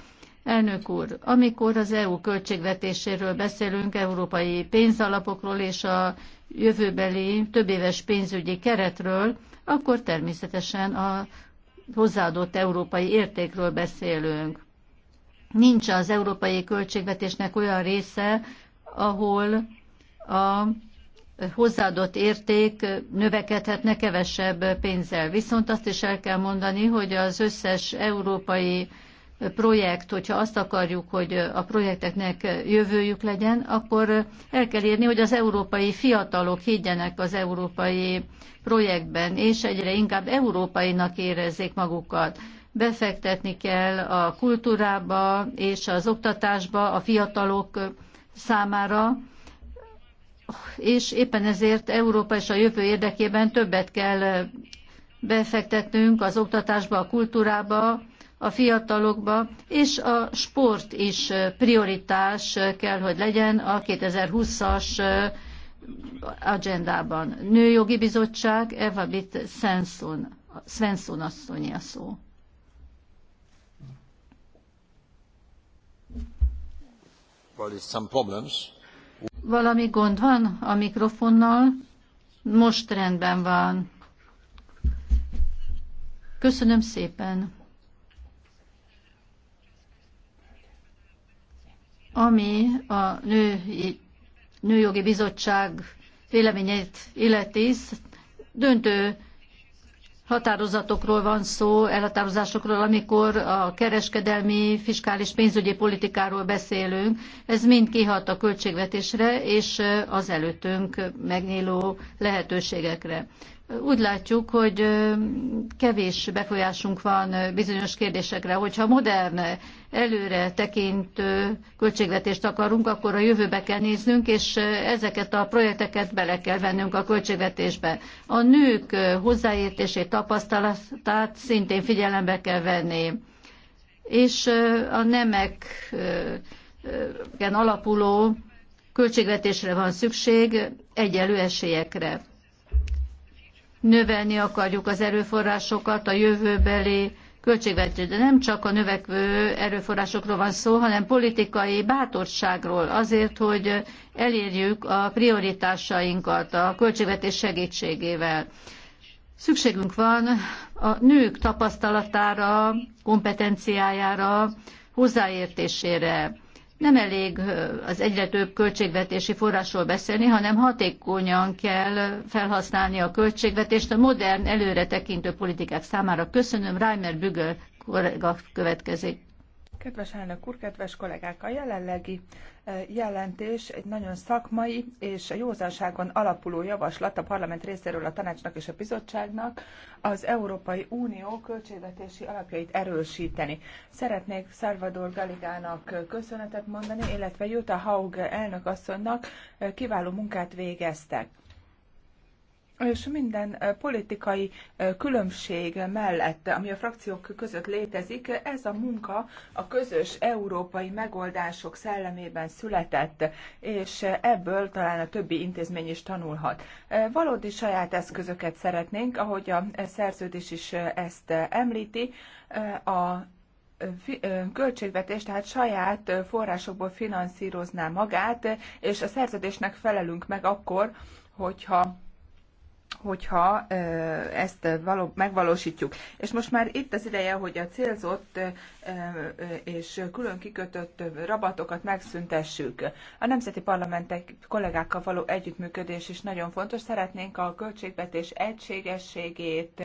Elnök úr, amikor az EU költségvetéséről beszélünk, európai pénzalapokról és a jövőbeli többéves pénzügyi keretről, akkor természetesen a hozzáadott európai értékről beszélünk. Nincs az európai költségvetésnek olyan része, ahol a hozzáadott érték növekedhetne kevesebb pénzzel. Viszont azt is el kell mondani, hogy az összes európai projekt, hogyha azt akarjuk, hogy a projekteknek jövőjük legyen, akkor el kell érni, hogy az európai fiatalok higgyenek az európai projektben, és egyre inkább európainak érezzék magukat. Befektetni kell a kultúrába és az oktatásba a fiatalok számára, és éppen ezért Európa és a jövő érdekében többet kell befektetnünk az oktatásba, a kultúrába, a fiatalokba, és a sport is prioritás kell, hogy legyen a 2020-as agendában. Nőjogi Bizottság, Eva Bitt Svensson, Svensson asszonyi a szó. Valami gond van a mikrofonnal? Most rendben van. Köszönöm szépen. Ami a női, Nőjogi Bizottság véleményét illeti, döntő határozatokról van szó, elhatározásokról, amikor a kereskedelmi, fiskális, pénzügyi politikáról beszélünk. Ez mind kihat a költségvetésre és az előttünk megnyíló lehetőségekre úgy látjuk, hogy kevés befolyásunk van bizonyos kérdésekre. Hogyha modern, előre tekintő költségvetést akarunk, akkor a jövőbe kell néznünk, és ezeket a projekteket bele kell vennünk a költségvetésbe. A nők hozzáértését, tapasztalatát szintén figyelembe kell venni. És a nemek alapuló költségvetésre van szükség, egyelő esélyekre növelni akarjuk az erőforrásokat a jövőbeli költségvetésre. De nem csak a növekvő erőforrásokról van szó, hanem politikai bátorságról azért, hogy elérjük a prioritásainkat a költségvetés segítségével. Szükségünk van a nők tapasztalatára, kompetenciájára, hozzáértésére nem elég az egyre több költségvetési forrásról beszélni, hanem hatékonyan kell felhasználni a költségvetést a modern, előretekintő politikák számára. Köszönöm, Reimer Bügel kollega következik. Kedves elnök úr, kedves kollégák, a jelenlegi e, jelentés egy nagyon szakmai és a józanságon alapuló javaslat a parlament részéről a tanácsnak és a bizottságnak az Európai Unió költségvetési alapjait erősíteni. Szeretnék Salvador Galigának köszönetet mondani, illetve Jutta Haug elnök asszonynak e, kiváló munkát végeztek és minden politikai különbség mellett, ami a frakciók között létezik, ez a munka a közös európai megoldások szellemében született, és ebből talán a többi intézmény is tanulhat. Valódi saját eszközöket szeretnénk, ahogy a szerződés is ezt említi, a költségvetés, tehát saját forrásokból finanszírozná magát, és a szerződésnek felelünk meg akkor, hogyha hogyha ezt való, megvalósítjuk. És most már itt az ideje, hogy a célzott és külön kikötött rabatokat megszüntessük. A nemzeti parlamentek kollégákkal való együttműködés is nagyon fontos. Szeretnénk a költségvetés egységességét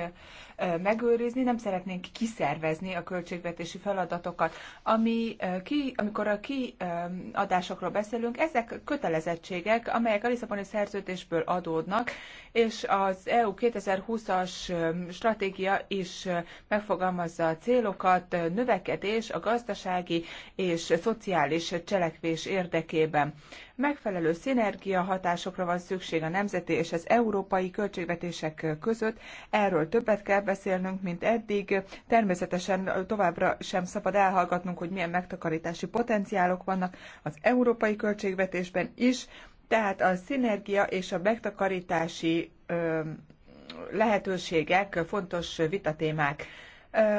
megőrizni, nem szeretnénk kiszervezni a költségvetési feladatokat. Ami ki, amikor a kiadásokról beszélünk, ezek kötelezettségek, amelyek a Lisszaboni szerződésből adódnak, és a az EU 2020-as stratégia is megfogalmazza a célokat, növekedés a gazdasági és szociális cselekvés érdekében. Megfelelő szinergia hatásokra van szükség a nemzeti és az európai költségvetések között. Erről többet kell beszélnünk, mint eddig. Természetesen továbbra sem szabad elhallgatnunk, hogy milyen megtakarítási potenciálok vannak az európai költségvetésben is, tehát a szinergia és a megtakarítási lehetőségek fontos vitatémák.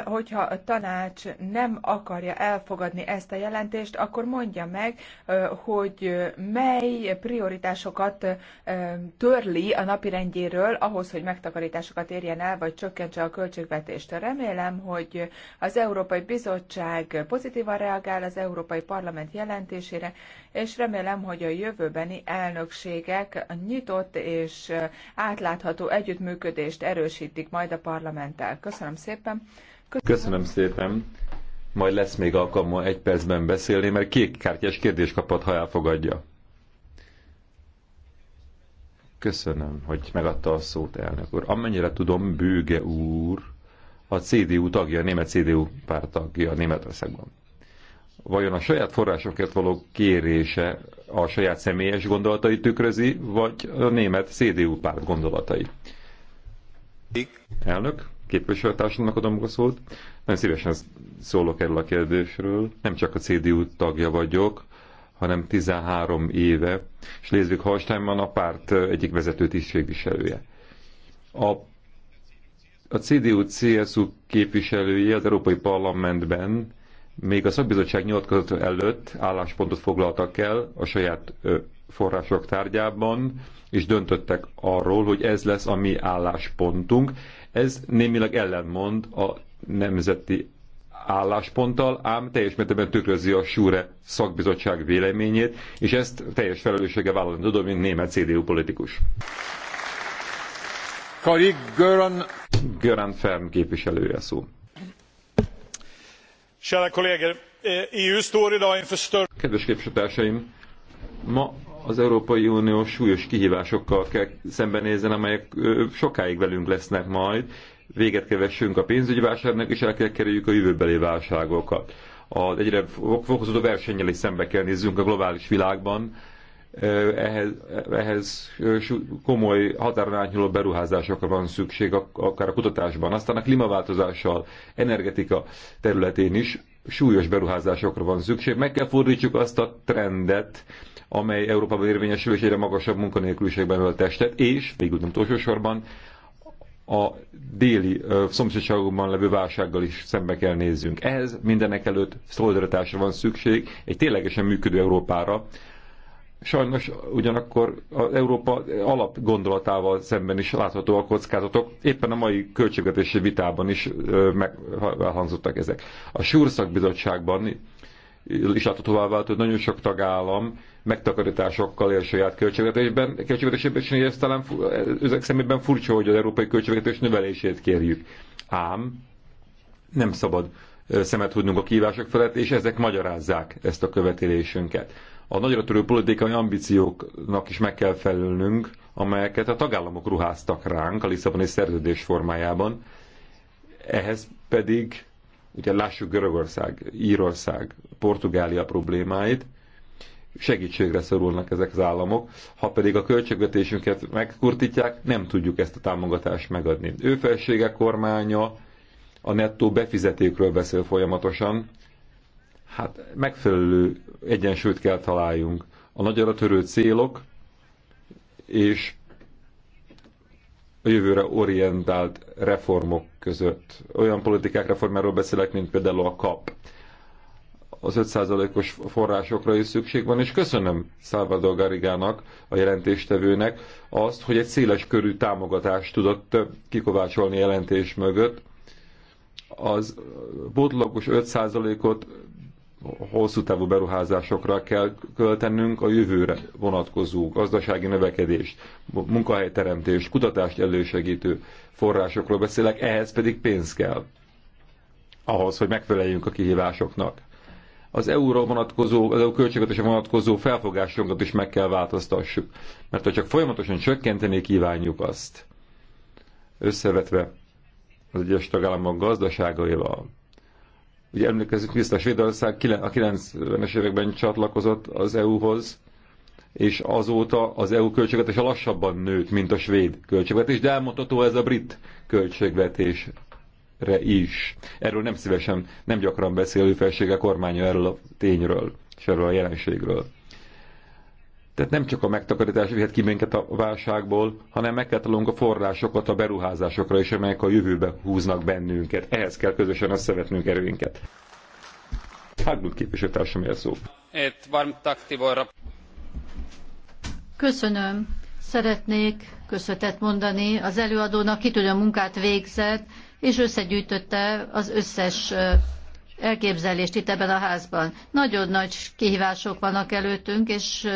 Hogyha a tanács nem akarja elfogadni ezt a jelentést, akkor mondja meg, hogy mely prioritásokat törli a napirendjéről ahhoz, hogy megtakarításokat érjen el, vagy csökkentse a költségvetést. Remélem, hogy az Európai Bizottság pozitívan reagál az Európai Parlament jelentésére, és remélem, hogy a jövőbeni elnökségek a nyitott és átlátható együttműködést erősítik majd a parlamenttel. Köszönöm szépen. Köszönöm, Köszönöm szépen. Majd lesz még alkalma egy percben beszélni, mert kék kártyás kérdés kapott, ha elfogadja. Köszönöm, hogy megadta a szót, elnök úr. Amennyire tudom, Bőge úr a CDU tagja, a német CDU a Németországban vajon a saját forrásokért való kérése a saját személyes gondolatai tükrözi, vagy a német CDU párt gondolatai? Elnök, képviselőtársadnak adom a szót. Nagyon szívesen szólok erről a kérdésről. Nem csak a CDU tagja vagyok, hanem 13 éve és lézvik holsteinban a párt egyik vezető tisztségviselője. A a CDU-CSU képviselője az Európai Parlamentben még a szakbizottság nyilatkozata előtt álláspontot foglaltak el a saját források tárgyában, és döntöttek arról, hogy ez lesz a mi álláspontunk. Ez némileg ellenmond a nemzeti állásponttal, ám teljes mértékben tükrözi a Súre szakbizottság véleményét, és ezt teljes felelőssége vállalni tudom, mint német CDU politikus. Karik Göran... Göran Ferm képviselője szó. Eh, e Kedves képviselőtársaim! Ma az Európai Unió súlyos kihívásokkal kell szembenézzen, amelyek sokáig velünk lesznek majd. Véget kell vessünk a pénzügyi válságnak, és el kell kerüljük a jövőbeli válságokat. Az egyre fokozódó versennyel is szembe kell nézzünk a globális világban, ehhez, ehhez komoly határon átnyúló beruházásokra van szükség, akár a kutatásban. Aztán a klímaváltozással, energetika területén is súlyos beruházásokra van szükség. Meg kell fordítsuk azt a trendet, amely Európában érvényesül, és egyre magasabb munkanélküliségben ölt testet, és végül nem utolsó sorban a déli szomszédságokban levő válsággal is szembe kell nézzünk. Ehhez mindenek előtt szolidaritásra van szükség, egy ténylegesen működő Európára, sajnos ugyanakkor az Európa alap gondolatával szemben is látható a kockázatok. Éppen a mai költségvetési vitában is meghangzottak ezek. A Súrszak Bizottságban is láthatóvá vált, hogy nagyon sok tagállam megtakarításokkal él saját költségvetésben, költségvetésében, is ez talán ezek szemében furcsa, hogy az európai költségvetés növelését kérjük. Ám nem szabad szemet húznunk a kívások felett, és ezek magyarázzák ezt a követelésünket a nagyra törő politikai ambícióknak is meg kell felülnünk, amelyeket a tagállamok ruháztak ránk a Lisszaboni szerződés formájában. Ehhez pedig, ugye lássuk Görögország, Írország, Portugália problémáit, segítségre szorulnak ezek az államok, ha pedig a költségvetésünket megkurtítják, nem tudjuk ezt a támogatást megadni. Ő felsége kormánya a nettó befizetőkről beszél folyamatosan, Hát megfelelő egyensúlyt kell találjunk. A nagyra törő célok és a jövőre orientált reformok között. Olyan politikák reformáról beszélek, mint például a KAP. Az 5%-os forrásokra is szükség van, és köszönöm Salvador Garigának, a jelentéstevőnek azt, hogy egy széles körű támogatást tudott kikovácsolni jelentés mögött. Az botlagos 5%-ot hosszú távú beruházásokra kell költenünk a jövőre vonatkozó gazdasági növekedést, munkahelyteremtést, kutatást elősegítő forrásokról beszélek, ehhez pedig pénz kell, ahhoz, hogy megfeleljünk a kihívásoknak. Az euró vonatkozó, az EU költségvetésre vonatkozó felfogásunkat is meg kell változtassuk, mert ha csak folyamatosan csökkenteni kívánjuk azt, összevetve az egyes tagállamok gazdaságaival, Ugye emlékezzük vissza, Svédország a 90-es években csatlakozott az EU-hoz, és azóta az EU költségvetése lassabban nőtt, mint a svéd költségvetés, de elmondható ez a brit költségvetésre is. Erről nem szívesen, nem gyakran beszél felsége kormánya erről a tényről, és erről a jelenségről. Tehát nem csak a megtakarítás vihet ki minket a válságból, hanem meg kell találnunk a forrásokat a beruházásokra is, amelyek a jövőbe húznak bennünket. Ehhez kell közösen összevetnünk erőinket. Hágnunk képviselőtársam ér szó. Köszönöm. Szeretnék köszönetet mondani az előadónak, kitűnő munkát végzett, és összegyűjtötte az összes elképzelést itt ebben a házban. Nagyon nagy kihívások vannak előttünk, és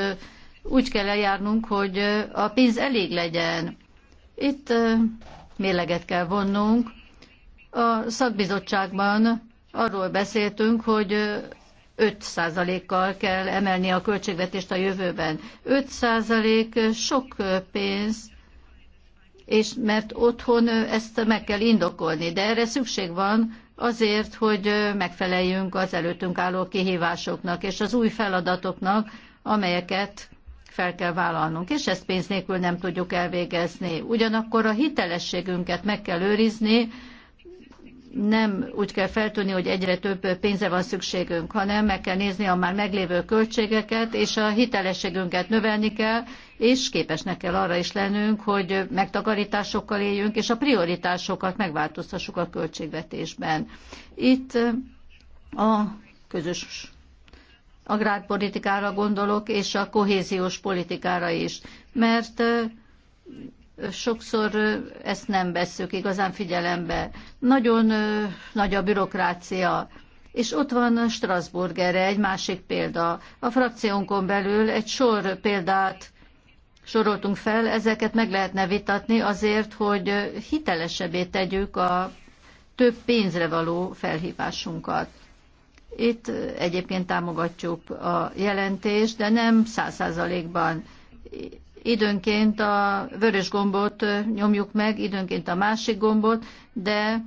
úgy kell eljárnunk, hogy a pénz elég legyen. Itt mérleget kell vonnunk. A szakbizottságban arról beszéltünk, hogy 5%-kal kell emelni a költségvetést a jövőben. 5% sok pénz, és mert otthon ezt meg kell indokolni, de erre szükség van azért, hogy megfeleljünk az előttünk álló kihívásoknak és az új feladatoknak, amelyeket fel kell vállalnunk, és ezt pénz nélkül nem tudjuk elvégezni. Ugyanakkor a hitelességünket meg kell őrizni, nem úgy kell feltűnni, hogy egyre több pénze van szükségünk, hanem meg kell nézni a már meglévő költségeket, és a hitelességünket növelni kell, és képesnek kell arra is lennünk, hogy megtakarításokkal éljünk, és a prioritásokat megváltoztassuk a költségvetésben. Itt a közös agrárpolitikára gondolok, és a kohéziós politikára is, mert sokszor ezt nem veszük igazán figyelembe. Nagyon nagy a bürokrácia, és ott van Strasbourg erre egy másik példa. A frakciónkon belül egy sor példát soroltunk fel, ezeket meg lehetne vitatni azért, hogy hitelesebbé tegyük a több pénzre való felhívásunkat. Itt egyébként támogatjuk a jelentést, de nem száz százalékban. Időnként a vörös gombot nyomjuk meg, időnként a másik gombot, de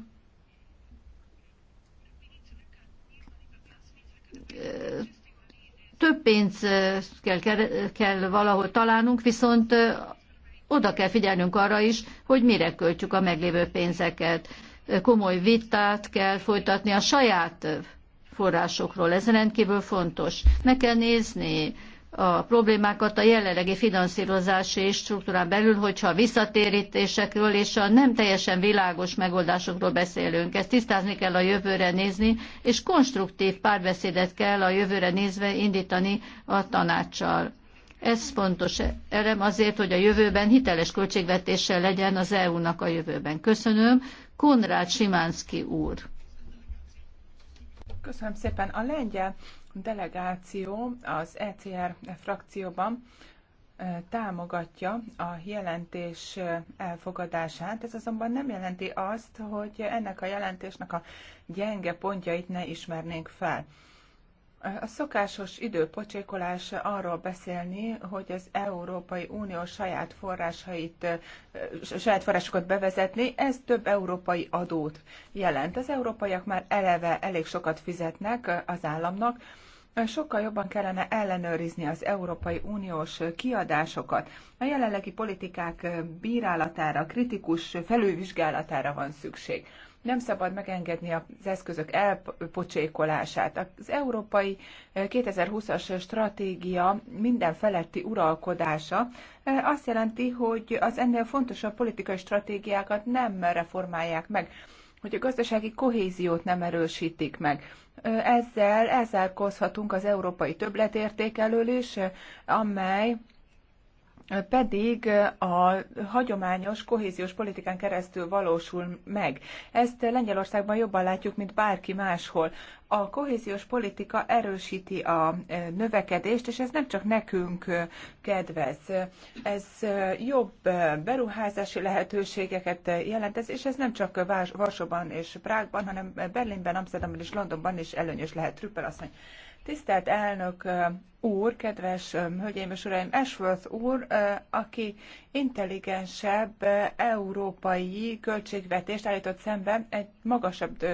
több pénz kell, kell valahol találnunk, viszont oda kell figyelnünk arra is, hogy mire költjük a meglévő pénzeket. Komoly vitát kell folytatni a saját forrásokról. Ez rendkívül fontos. Meg kell nézni a problémákat a jelenlegi finanszírozási és struktúrán belül, hogyha a visszatérítésekről és a nem teljesen világos megoldásokról beszélünk. Ezt tisztázni kell a jövőre nézni, és konstruktív párbeszédet kell a jövőre nézve indítani a tanácssal. Ez fontos elem azért, hogy a jövőben hiteles költségvetéssel legyen az EU-nak a jövőben. Köszönöm. Konrád Simánszki úr. Köszönöm szépen. A lengyel delegáció az ECR frakcióban támogatja a jelentés elfogadását. Ez azonban nem jelenti azt, hogy ennek a jelentésnek a gyenge pontjait ne ismernénk fel. A szokásos időpocsékolás arról beszélni, hogy az Európai Unió saját forrásait, saját forrásokat bevezetni, ez több európai adót jelent. Az európaiak már eleve elég sokat fizetnek az államnak, Sokkal jobban kellene ellenőrizni az Európai Uniós kiadásokat. A jelenlegi politikák bírálatára, kritikus felülvizsgálatára van szükség. Nem szabad megengedni az eszközök elpocsékolását. Az európai 2020-as eh, stratégia minden feletti uralkodása eh, azt jelenti, hogy az ennél fontosabb politikai stratégiákat nem reformálják meg hogy a gazdasági kohéziót nem erősítik meg. Eh, ezzel elzárkózhatunk az európai többletérték elől is, amely pedig a hagyományos kohéziós politikán keresztül valósul meg. Ezt Lengyelországban jobban látjuk, mint bárki máshol. A kohéziós politika erősíti a e, növekedést, és ez nem csak nekünk e, kedvez. Ez e, jobb beruházási lehetőségeket jelent, és ez nem csak Varsóban és Prágban, hanem Berlinben, Amsterdamban és Londonban is előnyös lehet. Trüppel asszony. Tisztelt elnök úr, kedves hölgyeim és uraim, Ashworth úr, aki intelligensebb európai költségvetést állított szembe egy magasabb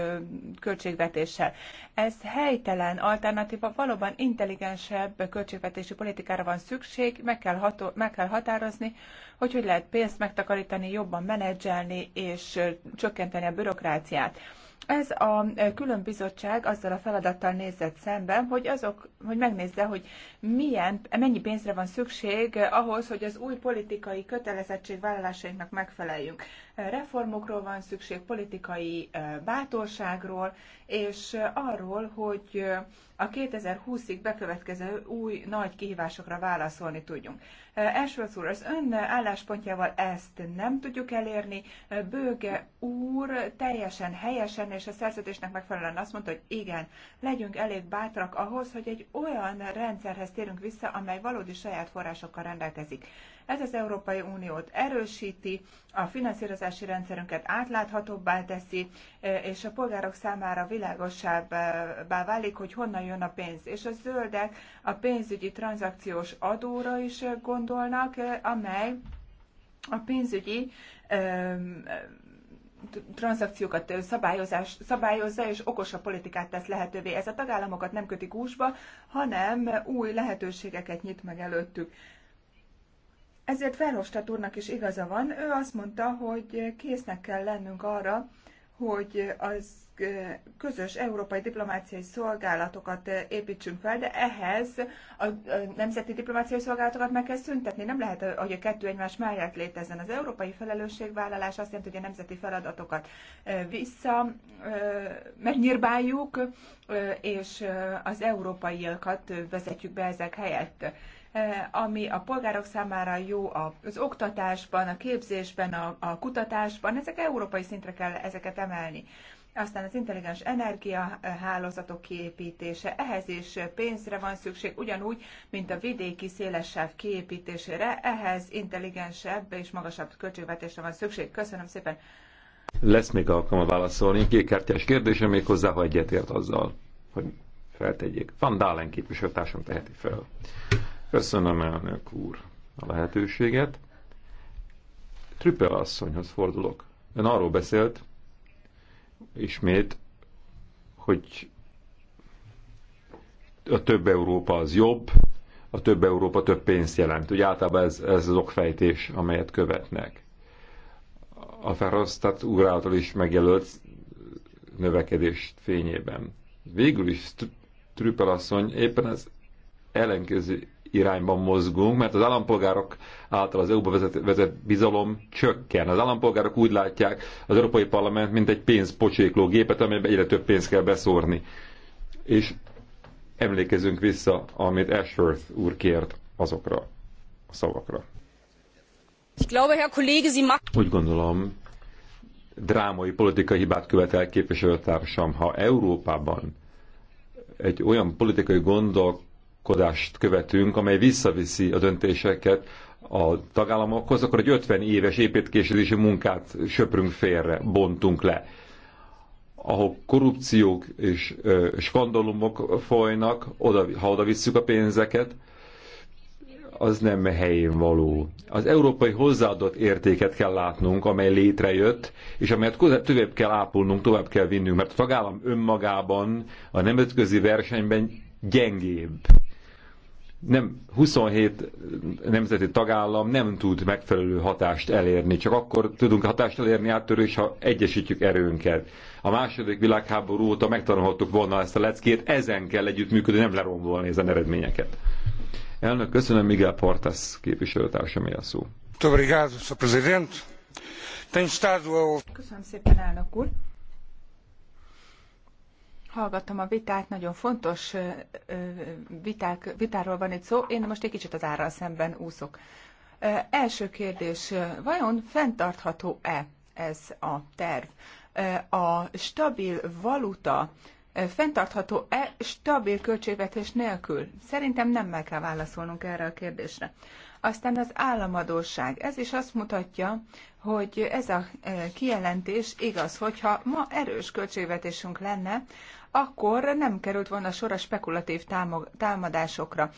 költségvetéssel. Ez helytelen alternatíva, valóban intelligensebb költségvetési politikára van szükség, meg kell, ható, meg kell határozni, hogy hogy lehet pénzt megtakarítani, jobban menedzselni és csökkenteni a bürokráciát. Ez a e, külön bizottság azzal a feladattal nézett szemben, hogy azok, hogy megnézze, hogy milyen, mennyi pénzre van szükség e, ahhoz, hogy az új politikai kötelezettségvállalásainknak megfeleljünk. E, reformokról van szükség, politikai bátorságról, és arról, hogy a 2020-ig bekövetkező új nagy kihívásokra válaszolni tudjunk. Ashworth úr, az ön álláspontjával ezt nem tudjuk elérni. Bőge úr teljesen helyesen és a szerződésnek megfelelően azt mondta, hogy igen, legyünk elég bátrak ahhoz, hogy egy olyan rendszerhez térünk vissza, amely valódi saját forrásokkal rendelkezik. Ez az Európai Uniót erősíti, a finanszírozási rendszerünket átláthatóbbá teszi, e, és a polgárok számára világosabbá válik, hogy honnan jön a pénz. És a zöldek a pénzügyi tranzakciós adóra is gondolnak, e, amely a pénzügyi e, tranzakciókat szabályozás, szabályozza, és okosabb politikát tesz lehetővé. Ez a tagállamokat nem köti gúzsba, hanem új lehetőségeket nyit meg előttük. Ezért Verhofstadt úrnak is igaza van. Ő azt mondta, hogy késznek kell lennünk arra, hogy az közös európai diplomáciai szolgálatokat építsünk fel, de ehhez a nemzeti diplomáciai szolgálatokat meg kell szüntetni. Nem lehet, hogy a kettő egymás mellett létezzen. Az európai felelősségvállalás azt jelenti, hogy a nemzeti feladatokat vissza megnyírbáljuk, és az európaiakat vezetjük be ezek helyett. Eh, ami a polgárok számára jó az oktatásban, a képzésben, a, a kutatásban. Ezek európai szintre kell ezeket emelni aztán az intelligens energiahálózatok eh, kiépítése, ehhez is pénzre van szükség, ugyanúgy, mint a vidéki szélesebb kiépítésére, ehhez intelligensebb és magasabb költségvetésre van szükség. Köszönöm szépen! Lesz még alkalma válaszolni, Kékártyás kérdése még hozzá, ha egyetért azzal, hogy feltegyék. Van Dálen képviselőtársam teheti fel. Köszönöm, elnök úr, a lehetőséget. Trüppel asszonyhoz fordulok. Ön arról beszélt, ismét, hogy a több Európa az jobb, a több Európa több pénzt jelent. Ugye általában ez, ez az okfejtés, amelyet követnek. A Ferhoztat úr által is megjelölt növekedés fényében. Végül is Trüppel asszony éppen az ellenkező irányban mozgunk, mert az állampolgárok által az EU-ba vezet, vezet bizalom csökken. Az állampolgárok úgy látják az Európai Parlament, mint egy pénzpocsékló gépet, amelyben egyre több pénzt kell beszórni. És emlékezünk vissza, amit Ashworth úr kért azokra a szavakra. Úgy gondolom, drámai politikai hibát követel képviselőtársam, ha Európában egy olyan politikai gondok, gondolkodást követünk, amely visszaviszi a döntéseket a tagállamokhoz, akkor egy 50 éves építkezési munkát söprünk félre, bontunk le. Ahol korrupciók és ö, skandalumok folynak, oda, ha oda visszük a pénzeket, az nem helyén való. Az európai hozzáadott értéket kell látnunk, amely létrejött, és amelyet tovább kell ápolnunk, tovább kell vinnünk, mert a tagállam önmagában a nemzetközi versenyben gyengébb nem 27 nemzeti tagállam nem tud megfelelő hatást elérni. Csak akkor tudunk hatást elérni áttörő, ha egyesítjük erőnket. A második világháború óta megtanulhattuk volna ezt a leckét, ezen kell együttműködni, nem lerombolni ezen eredményeket. Elnök, köszönöm, Miguel Portas mi a szó. Köszönöm szépen, elnök úr. Hallgattam a vitát, nagyon fontos viták, vitáról van itt szó. Én most egy kicsit az árral szemben úszok. Első kérdés, vajon fenntartható-e ez a terv? A stabil valuta fenntartható-e stabil költségvetés nélkül? Szerintem nem meg kell válaszolnunk erre a kérdésre. Aztán az államadóság. Ez is azt mutatja, hogy ez a kijelentés igaz, hogyha ma erős költségvetésünk lenne, akkor nem került volna sor a spekulatív támadásokra.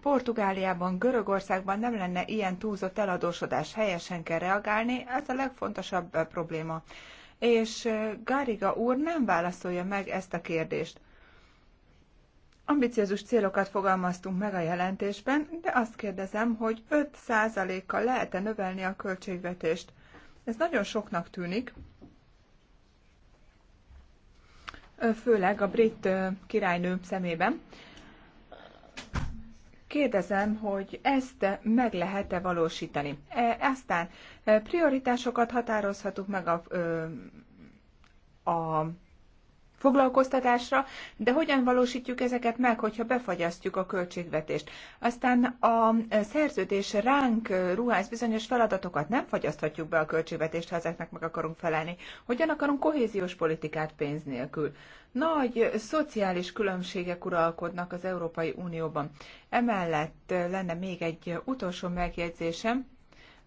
Portugáliában, Görögországban nem lenne ilyen túlzott eladósodás, helyesen kell reagálni, ez a legfontosabb probléma. És Gáriga úr nem válaszolja meg ezt a kérdést. Ambiciózus célokat fogalmaztunk meg a jelentésben, de azt kérdezem, hogy 5%-kal lehet-e növelni a költségvetést. Ez nagyon soknak tűnik, főleg a brit királynő szemében. Kérdezem, hogy ezt meg lehet-e valósítani. E, aztán e, prioritásokat határozhatunk meg a, a foglalkoztatásra, de hogyan valósítjuk ezeket meg, hogyha befagyasztjuk a költségvetést. Aztán a szerződés ránk ruház bizonyos feladatokat, nem fagyaszthatjuk be a költségvetést, ha ezeknek meg akarunk felelni. Hogyan akarunk kohéziós politikát pénz nélkül? Nagy szociális különbségek uralkodnak az Európai Unióban. Emellett lenne még egy utolsó megjegyzésem,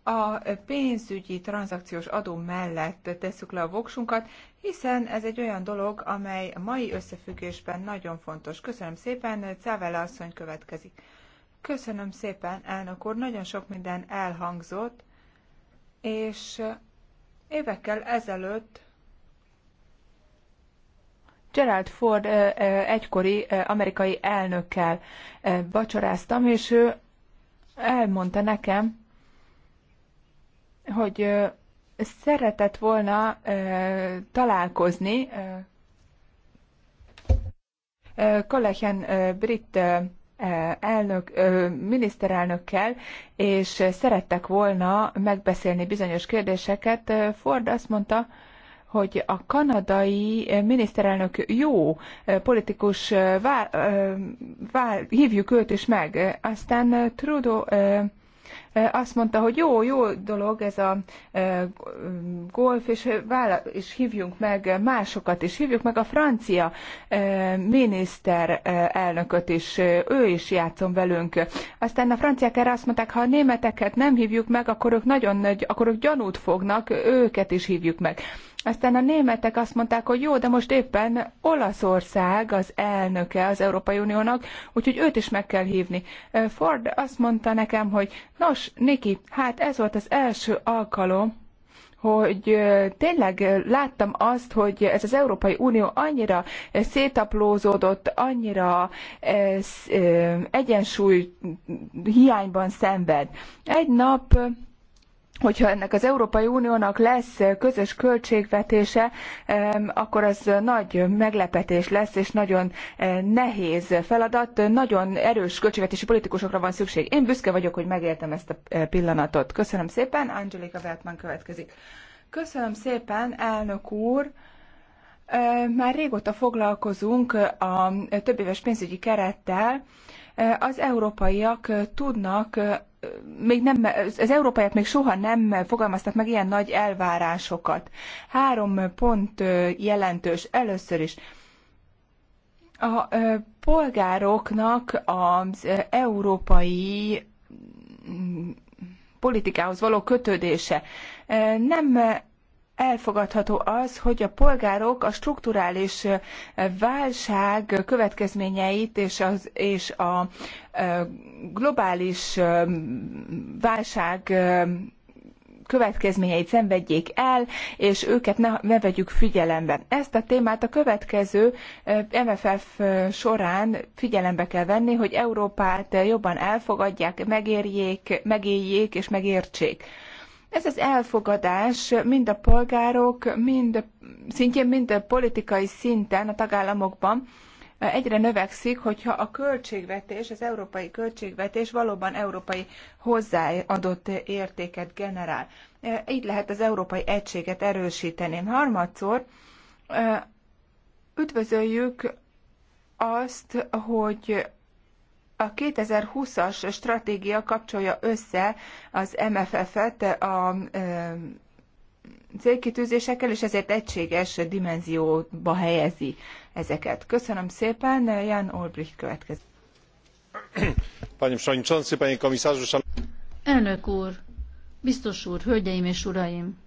a pénzügyi tranzakciós adó mellett tesszük le a voksunkat, hiszen ez egy olyan dolog, amely a mai összefüggésben nagyon fontos. Köszönöm szépen, Cávele asszony következik. Köszönöm szépen, elnök úr, nagyon sok minden elhangzott, és évekkel ezelőtt Gerald Ford egykori amerikai elnökkel vacsoráztam, és ő elmondta nekem, hogy szeretett volna találkozni Kollegian brit elnök, miniszterelnökkel, és szerettek volna megbeszélni bizonyos kérdéseket. Ford azt mondta, hogy a kanadai miniszterelnök jó politikus, vál, vál, hívjuk őt is meg. Aztán Trudeau azt mondta, hogy jó, jó dolog ez a golf, és, vála, és hívjunk meg másokat, és hívjuk meg a francia miniszter elnököt is, ő is játszom velünk. Aztán a franciák erre azt mondták, ha a németeket nem hívjuk meg, akkor ők nagyon nagy, akkor ők gyanút fognak, őket is hívjuk meg. Aztán a németek azt mondták, hogy jó, de most éppen Olaszország az elnöke az Európai Uniónak, úgyhogy őt is meg kell hívni. Ford azt mondta nekem, hogy nos, Nos, Niki, hát ez volt az első alkalom, hogy tényleg láttam azt, hogy ez az Európai Unió annyira szétaplózódott, annyira egyensúly hiányban szenved. Egy nap hogyha ennek az Európai Uniónak lesz közös költségvetése, akkor az nagy meglepetés lesz, és nagyon eh, nehéz feladat, nagyon erős költségvetési politikusokra van szükség. Én büszke vagyok, hogy megéltem ezt a eh, pillanatot. Köszönöm szépen, Angelika Wertmann következik. Köszönöm szépen, elnök úr! Eh, már régóta foglalkozunk a többéves pénzügyi kerettel, az európaiak tudnak még nem, az európaiak még soha nem fogalmaztak meg ilyen nagy elvárásokat. Három pont jelentős. Először is a polgároknak az európai politikához való kötődése. Nem elfogadható az, hogy a polgárok a strukturális válság következményeit és, az, és a globális válság következményeit szenvedjék el, és őket ne, ne vegyük figyelembe. Ezt a témát a következő MFF során figyelembe kell venni, hogy Európát jobban elfogadják, megérjék, megéljék és megértsék. Ez az elfogadás mind a polgárok, mind szintjén, mind a politikai szinten a tagállamokban egyre növekszik, hogyha a költségvetés, az európai költségvetés valóban európai hozzáadott értéket generál. Így lehet az európai egységet erősíteni. Harmadszor üdvözöljük azt, hogy a 2020-as stratégia kapcsolja össze az MFF-et a célkitűzésekkel, és ezért egységes dimenzióba helyezi ezeket. Köszönöm szépen, Jan Olbricht következik. Elnök úr, biztos úr, hölgyeim és uraim!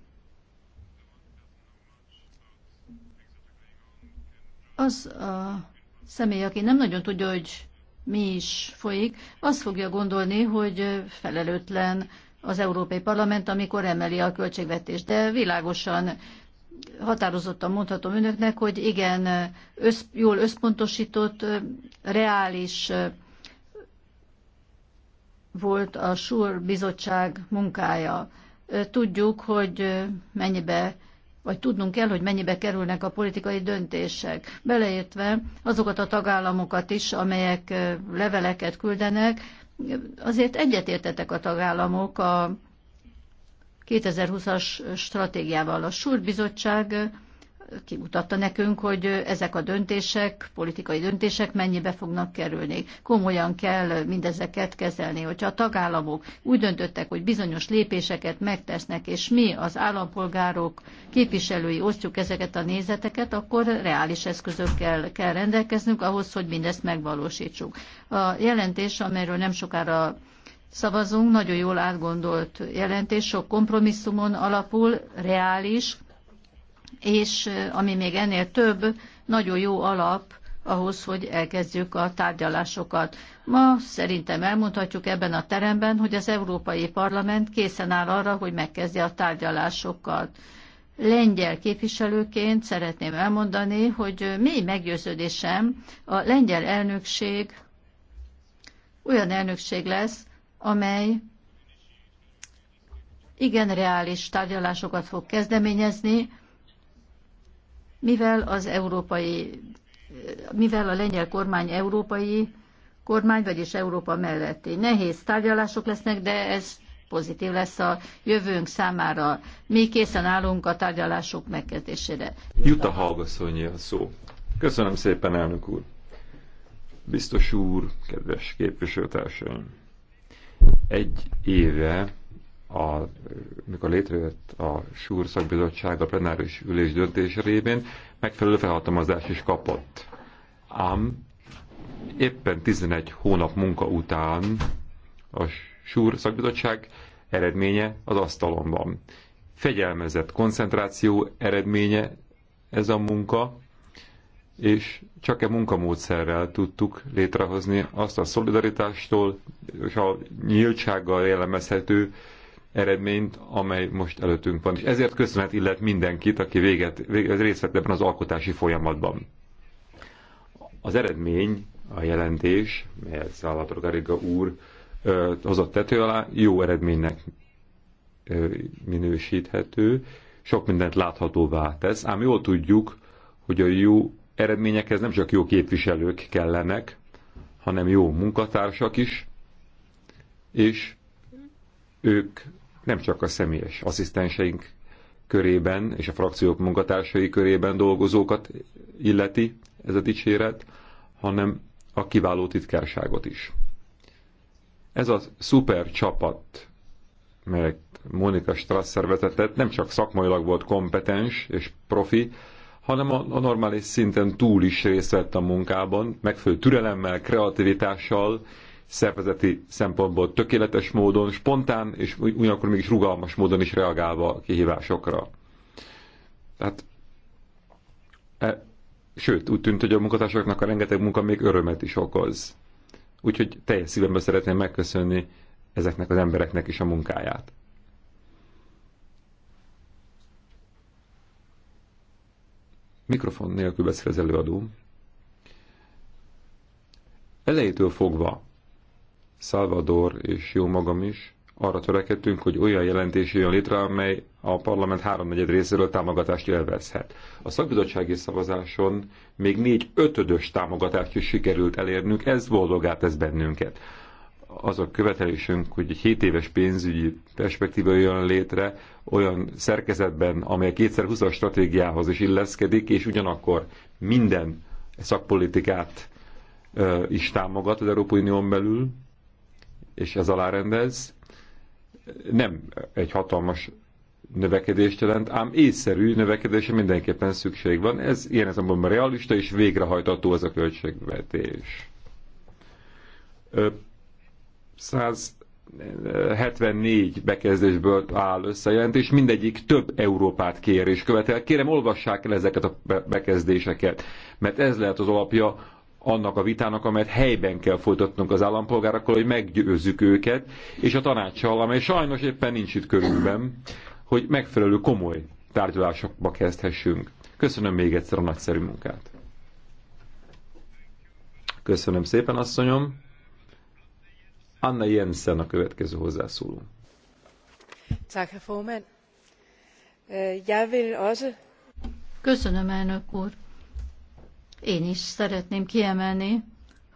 Az a személy, aki nem nagyon tudja, hogy mi is folyik, azt fogja gondolni, hogy felelőtlen az Európai Parlament, amikor emeli a költségvetést. De világosan határozottan mondhatom önöknek, hogy igen, össz, jól összpontosított, reális volt a SUR bizottság munkája. Tudjuk, hogy mennyibe vagy tudnunk kell, hogy mennyibe kerülnek a politikai döntések, beleértve azokat a tagállamokat is, amelyek leveleket küldenek. Azért egyetértetek a tagállamok a 2020-as stratégiával. A Súrbizottság Bizottság kimutatta nekünk, hogy ezek a döntések, politikai döntések mennyibe fognak kerülni. Komolyan kell mindezeket kezelni. Hogyha a tagállamok úgy döntöttek, hogy bizonyos lépéseket megtesznek, és mi az állampolgárok képviselői osztjuk ezeket a nézeteket, akkor reális eszközökkel kell rendelkeznünk ahhoz, hogy mindezt megvalósítsuk. A jelentés, amelyről nem sokára szavazunk, nagyon jól átgondolt jelentés, sok kompromisszumon alapul, reális, és ami még ennél több, nagyon jó alap ahhoz, hogy elkezdjük a tárgyalásokat. Ma szerintem elmondhatjuk ebben a teremben, hogy az Európai Parlament készen áll arra, hogy megkezdje a tárgyalásokat. Lengyel képviselőként szeretném elmondani, hogy mély meggyőződésem a lengyel elnökség olyan elnökség lesz, amely igen reális tárgyalásokat fog kezdeményezni, mivel az európai, mivel a lengyel kormány európai kormány, vagyis Európa melletti. Nehéz tárgyalások lesznek, de ez pozitív lesz a jövőnk számára. Mi készen állunk a tárgyalások megkezdésére. Jut a hallgaszonyi a szó. Köszönöm szépen, elnök úr. Biztos úr, kedves képviselőtársaim. Egy éve a, mikor létrejött a SUR szakbizottság a plenáris ülés döntés révén, megfelelő felhatalmazást is kapott. Ám éppen 11 hónap munka után a SUR szakbizottság eredménye az asztalon van. Fegyelmezett koncentráció eredménye ez a munka, és csak e munkamódszerrel tudtuk létrehozni azt a szolidaritástól és a nyíltsággal jellemezhető eredményt, amely most előttünk van. És ezért köszönet illet mindenkit, aki véget, véget, részt vett ebben az alkotási folyamatban. Az eredmény, a jelentés, melyet Szállator Gariga úr ö, hozott tető alá, jó eredménynek ö, minősíthető, sok mindent láthatóvá tesz, ám jól tudjuk, hogy a jó eredményekhez nem csak jó képviselők kellenek, hanem jó munkatársak is, és ők nem csak a személyes asszisztenseink körében és a frakciók munkatársai körében dolgozókat illeti ez a dicséret, hanem a kiváló titkárságot is. Ez a szuper csapat, melyet Monika Strasser vezetett, nem csak szakmailag volt kompetens és profi, hanem a, a normális szinten túl is részt vett a munkában, megfelelő türelemmel, kreativitással, szervezeti szempontból tökéletes módon, spontán és ugyanakkor mégis rugalmas módon is reagálva a kihívásokra. Tehát, e, sőt, úgy tűnt, hogy a munkatársaknak a rengeteg munka még örömet is okoz. Úgyhogy teljes szívemből szeretném megköszönni ezeknek az embereknek is a munkáját. Mikrofon nélkül beszél az előadó. Elejétől fogva Salvador és jó magam is arra törekedtünk, hogy olyan jelentés jön létre, amely a parlament háromnegyed részéről támogatást élvezhet. A szakbizottsági szavazáson még négy ötödös támogatást is sikerült elérnünk, ez boldogát ez bennünket. Az a követelésünk, hogy egy 7 éves pénzügyi perspektíva jön létre olyan szerkezetben, amely a 2020-as stratégiához is illeszkedik, és ugyanakkor minden szakpolitikát is támogat az Európai Unión belül, és ez alárendez, nem egy hatalmas növekedést jelent, ám észszerű növekedése mindenképpen szükség van. Ez ilyen azonban realista és végrehajtató az a költségvetés. 174 bekezdésből áll összejelentés, mindegyik több Európát kér és követel. Kérem, olvassák el ezeket a bekezdéseket, mert ez lehet az alapja annak a vitának, amelyet helyben kell folytatnunk az állampolgárakkal, hogy meggyőzzük őket, és a tanácssal, amely sajnos éppen nincs itt körülben hogy megfelelő komoly tárgyalásokba kezdhessünk. Köszönöm még egyszer a nagyszerű munkát. Köszönöm szépen, asszonyom. Anna Jensen a következő hozzászóló. Äh, Köszönöm, elnök úr. Én is szeretném kiemelni,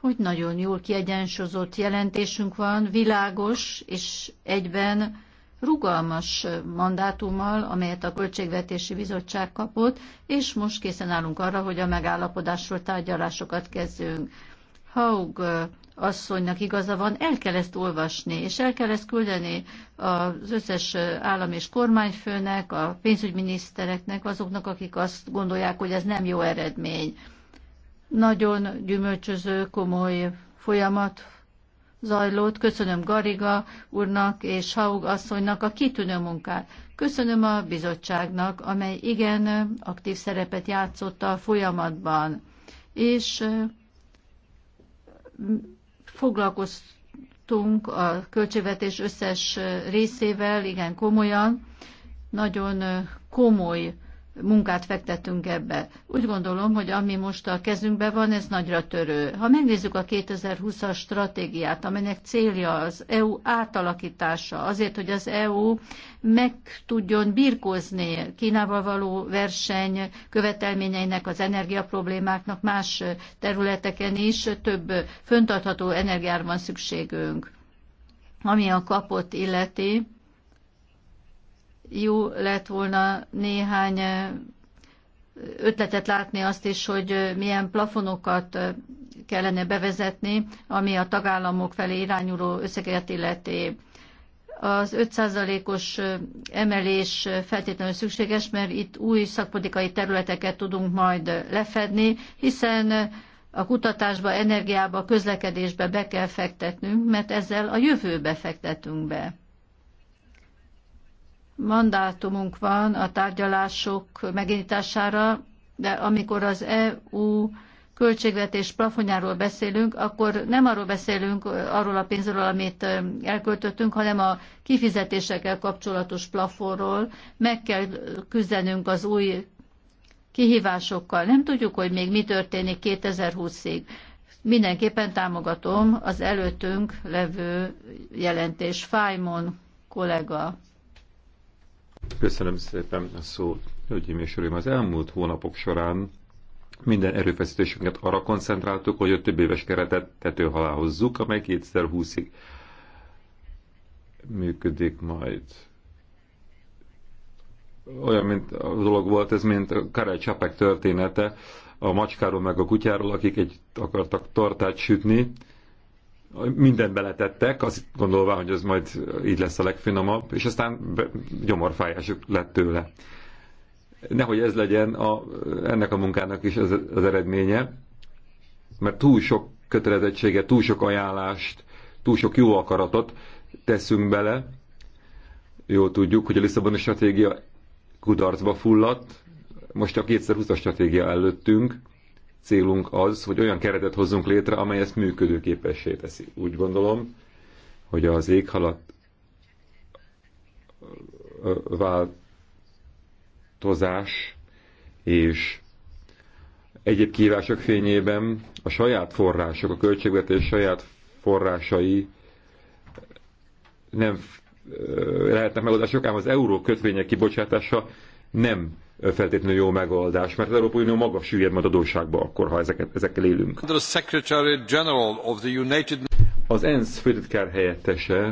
hogy nagyon jól kiegyensúlyozott jelentésünk van, világos és egyben rugalmas mandátummal, amelyet a Költségvetési Bizottság kapott, és most készen állunk arra, hogy a megállapodásról tárgyalásokat kezdjünk. Haug asszonynak igaza van, el kell ezt olvasni, és el kell ezt küldeni az összes állam és kormányfőnek, a pénzügyminisztereknek, azoknak, akik azt gondolják, hogy ez nem jó eredmény. Nagyon gyümölcsöző, komoly folyamat zajlott. Köszönöm Gariga úrnak és Haug asszonynak a kitűnő munkát. Köszönöm a bizottságnak, amely igen aktív szerepet játszott a folyamatban, és foglalkoztunk a költségvetés összes részével, igen komolyan, nagyon komoly munkát fektettünk ebbe. Úgy gondolom, hogy ami most a kezünkben van, ez nagyra törő. Ha megnézzük a 2020-as stratégiát, amelynek célja az EU átalakítása, azért, hogy az EU meg tudjon birkózni Kínával való verseny követelményeinek, az energiaproblémáknak más területeken is, több föntartható energiára van szükségünk. Ami a kapot illeti, jó lett volna néhány ötletet látni azt is, hogy milyen plafonokat kellene bevezetni, ami a tagállamok felé irányuló összeget illeti. Az 5%-os emelés feltétlenül szükséges, mert itt új szakpolitikai területeket tudunk majd lefedni, hiszen a kutatásba, energiába, közlekedésbe be kell fektetnünk, mert ezzel a jövőbe fektetünk be mandátumunk van a tárgyalások megindítására, de amikor az EU költségvetés plafonjáról beszélünk, akkor nem arról beszélünk, arról a pénzről, amit elköltöttünk, hanem a kifizetésekkel kapcsolatos plafonról. Meg kell küzdenünk az új kihívásokkal. Nem tudjuk, hogy még mi történik 2020-ig. Mindenképpen támogatom az előttünk levő jelentés. Fájmon kollega. Köszönöm szépen a szót. Hölgyeim és Uraim, az elmúlt hónapok során minden erőfeszítésünket arra koncentráltuk, hogy a több éves keretet tető alá amely 2020-ig működik majd. Olyan mint a dolog volt ez, mint a Karel Csapek története, a macskáról meg a kutyáról, akik egy akartak tartát sütni, mindent beletettek, azt gondolva hogy ez majd így lesz a legfinomabb, és aztán be, gyomorfájás lett tőle. Nehogy ez legyen a, ennek a munkának is az, az eredménye, mert túl sok kötelezettséget, túl sok ajánlást, túl sok jó akaratot teszünk bele. Jól tudjuk, hogy a Lisszaboni stratégia kudarcba fulladt, most a 2020-as stratégia előttünk, célunk az, hogy olyan keretet hozzunk létre, amely ezt működőképessé teszi. Úgy gondolom, hogy az éghalat változás és egyéb kívások fényében a saját források, a költségvetés saját forrásai nem lehetnek megoldások, ám az euró kötvények kibocsátása nem feltétlenül jó megoldás, mert az Európai Unió maga süllyed majd adósságba akkor, ha ezeket, ezekkel élünk. Az ENSZ főtitkár helyettese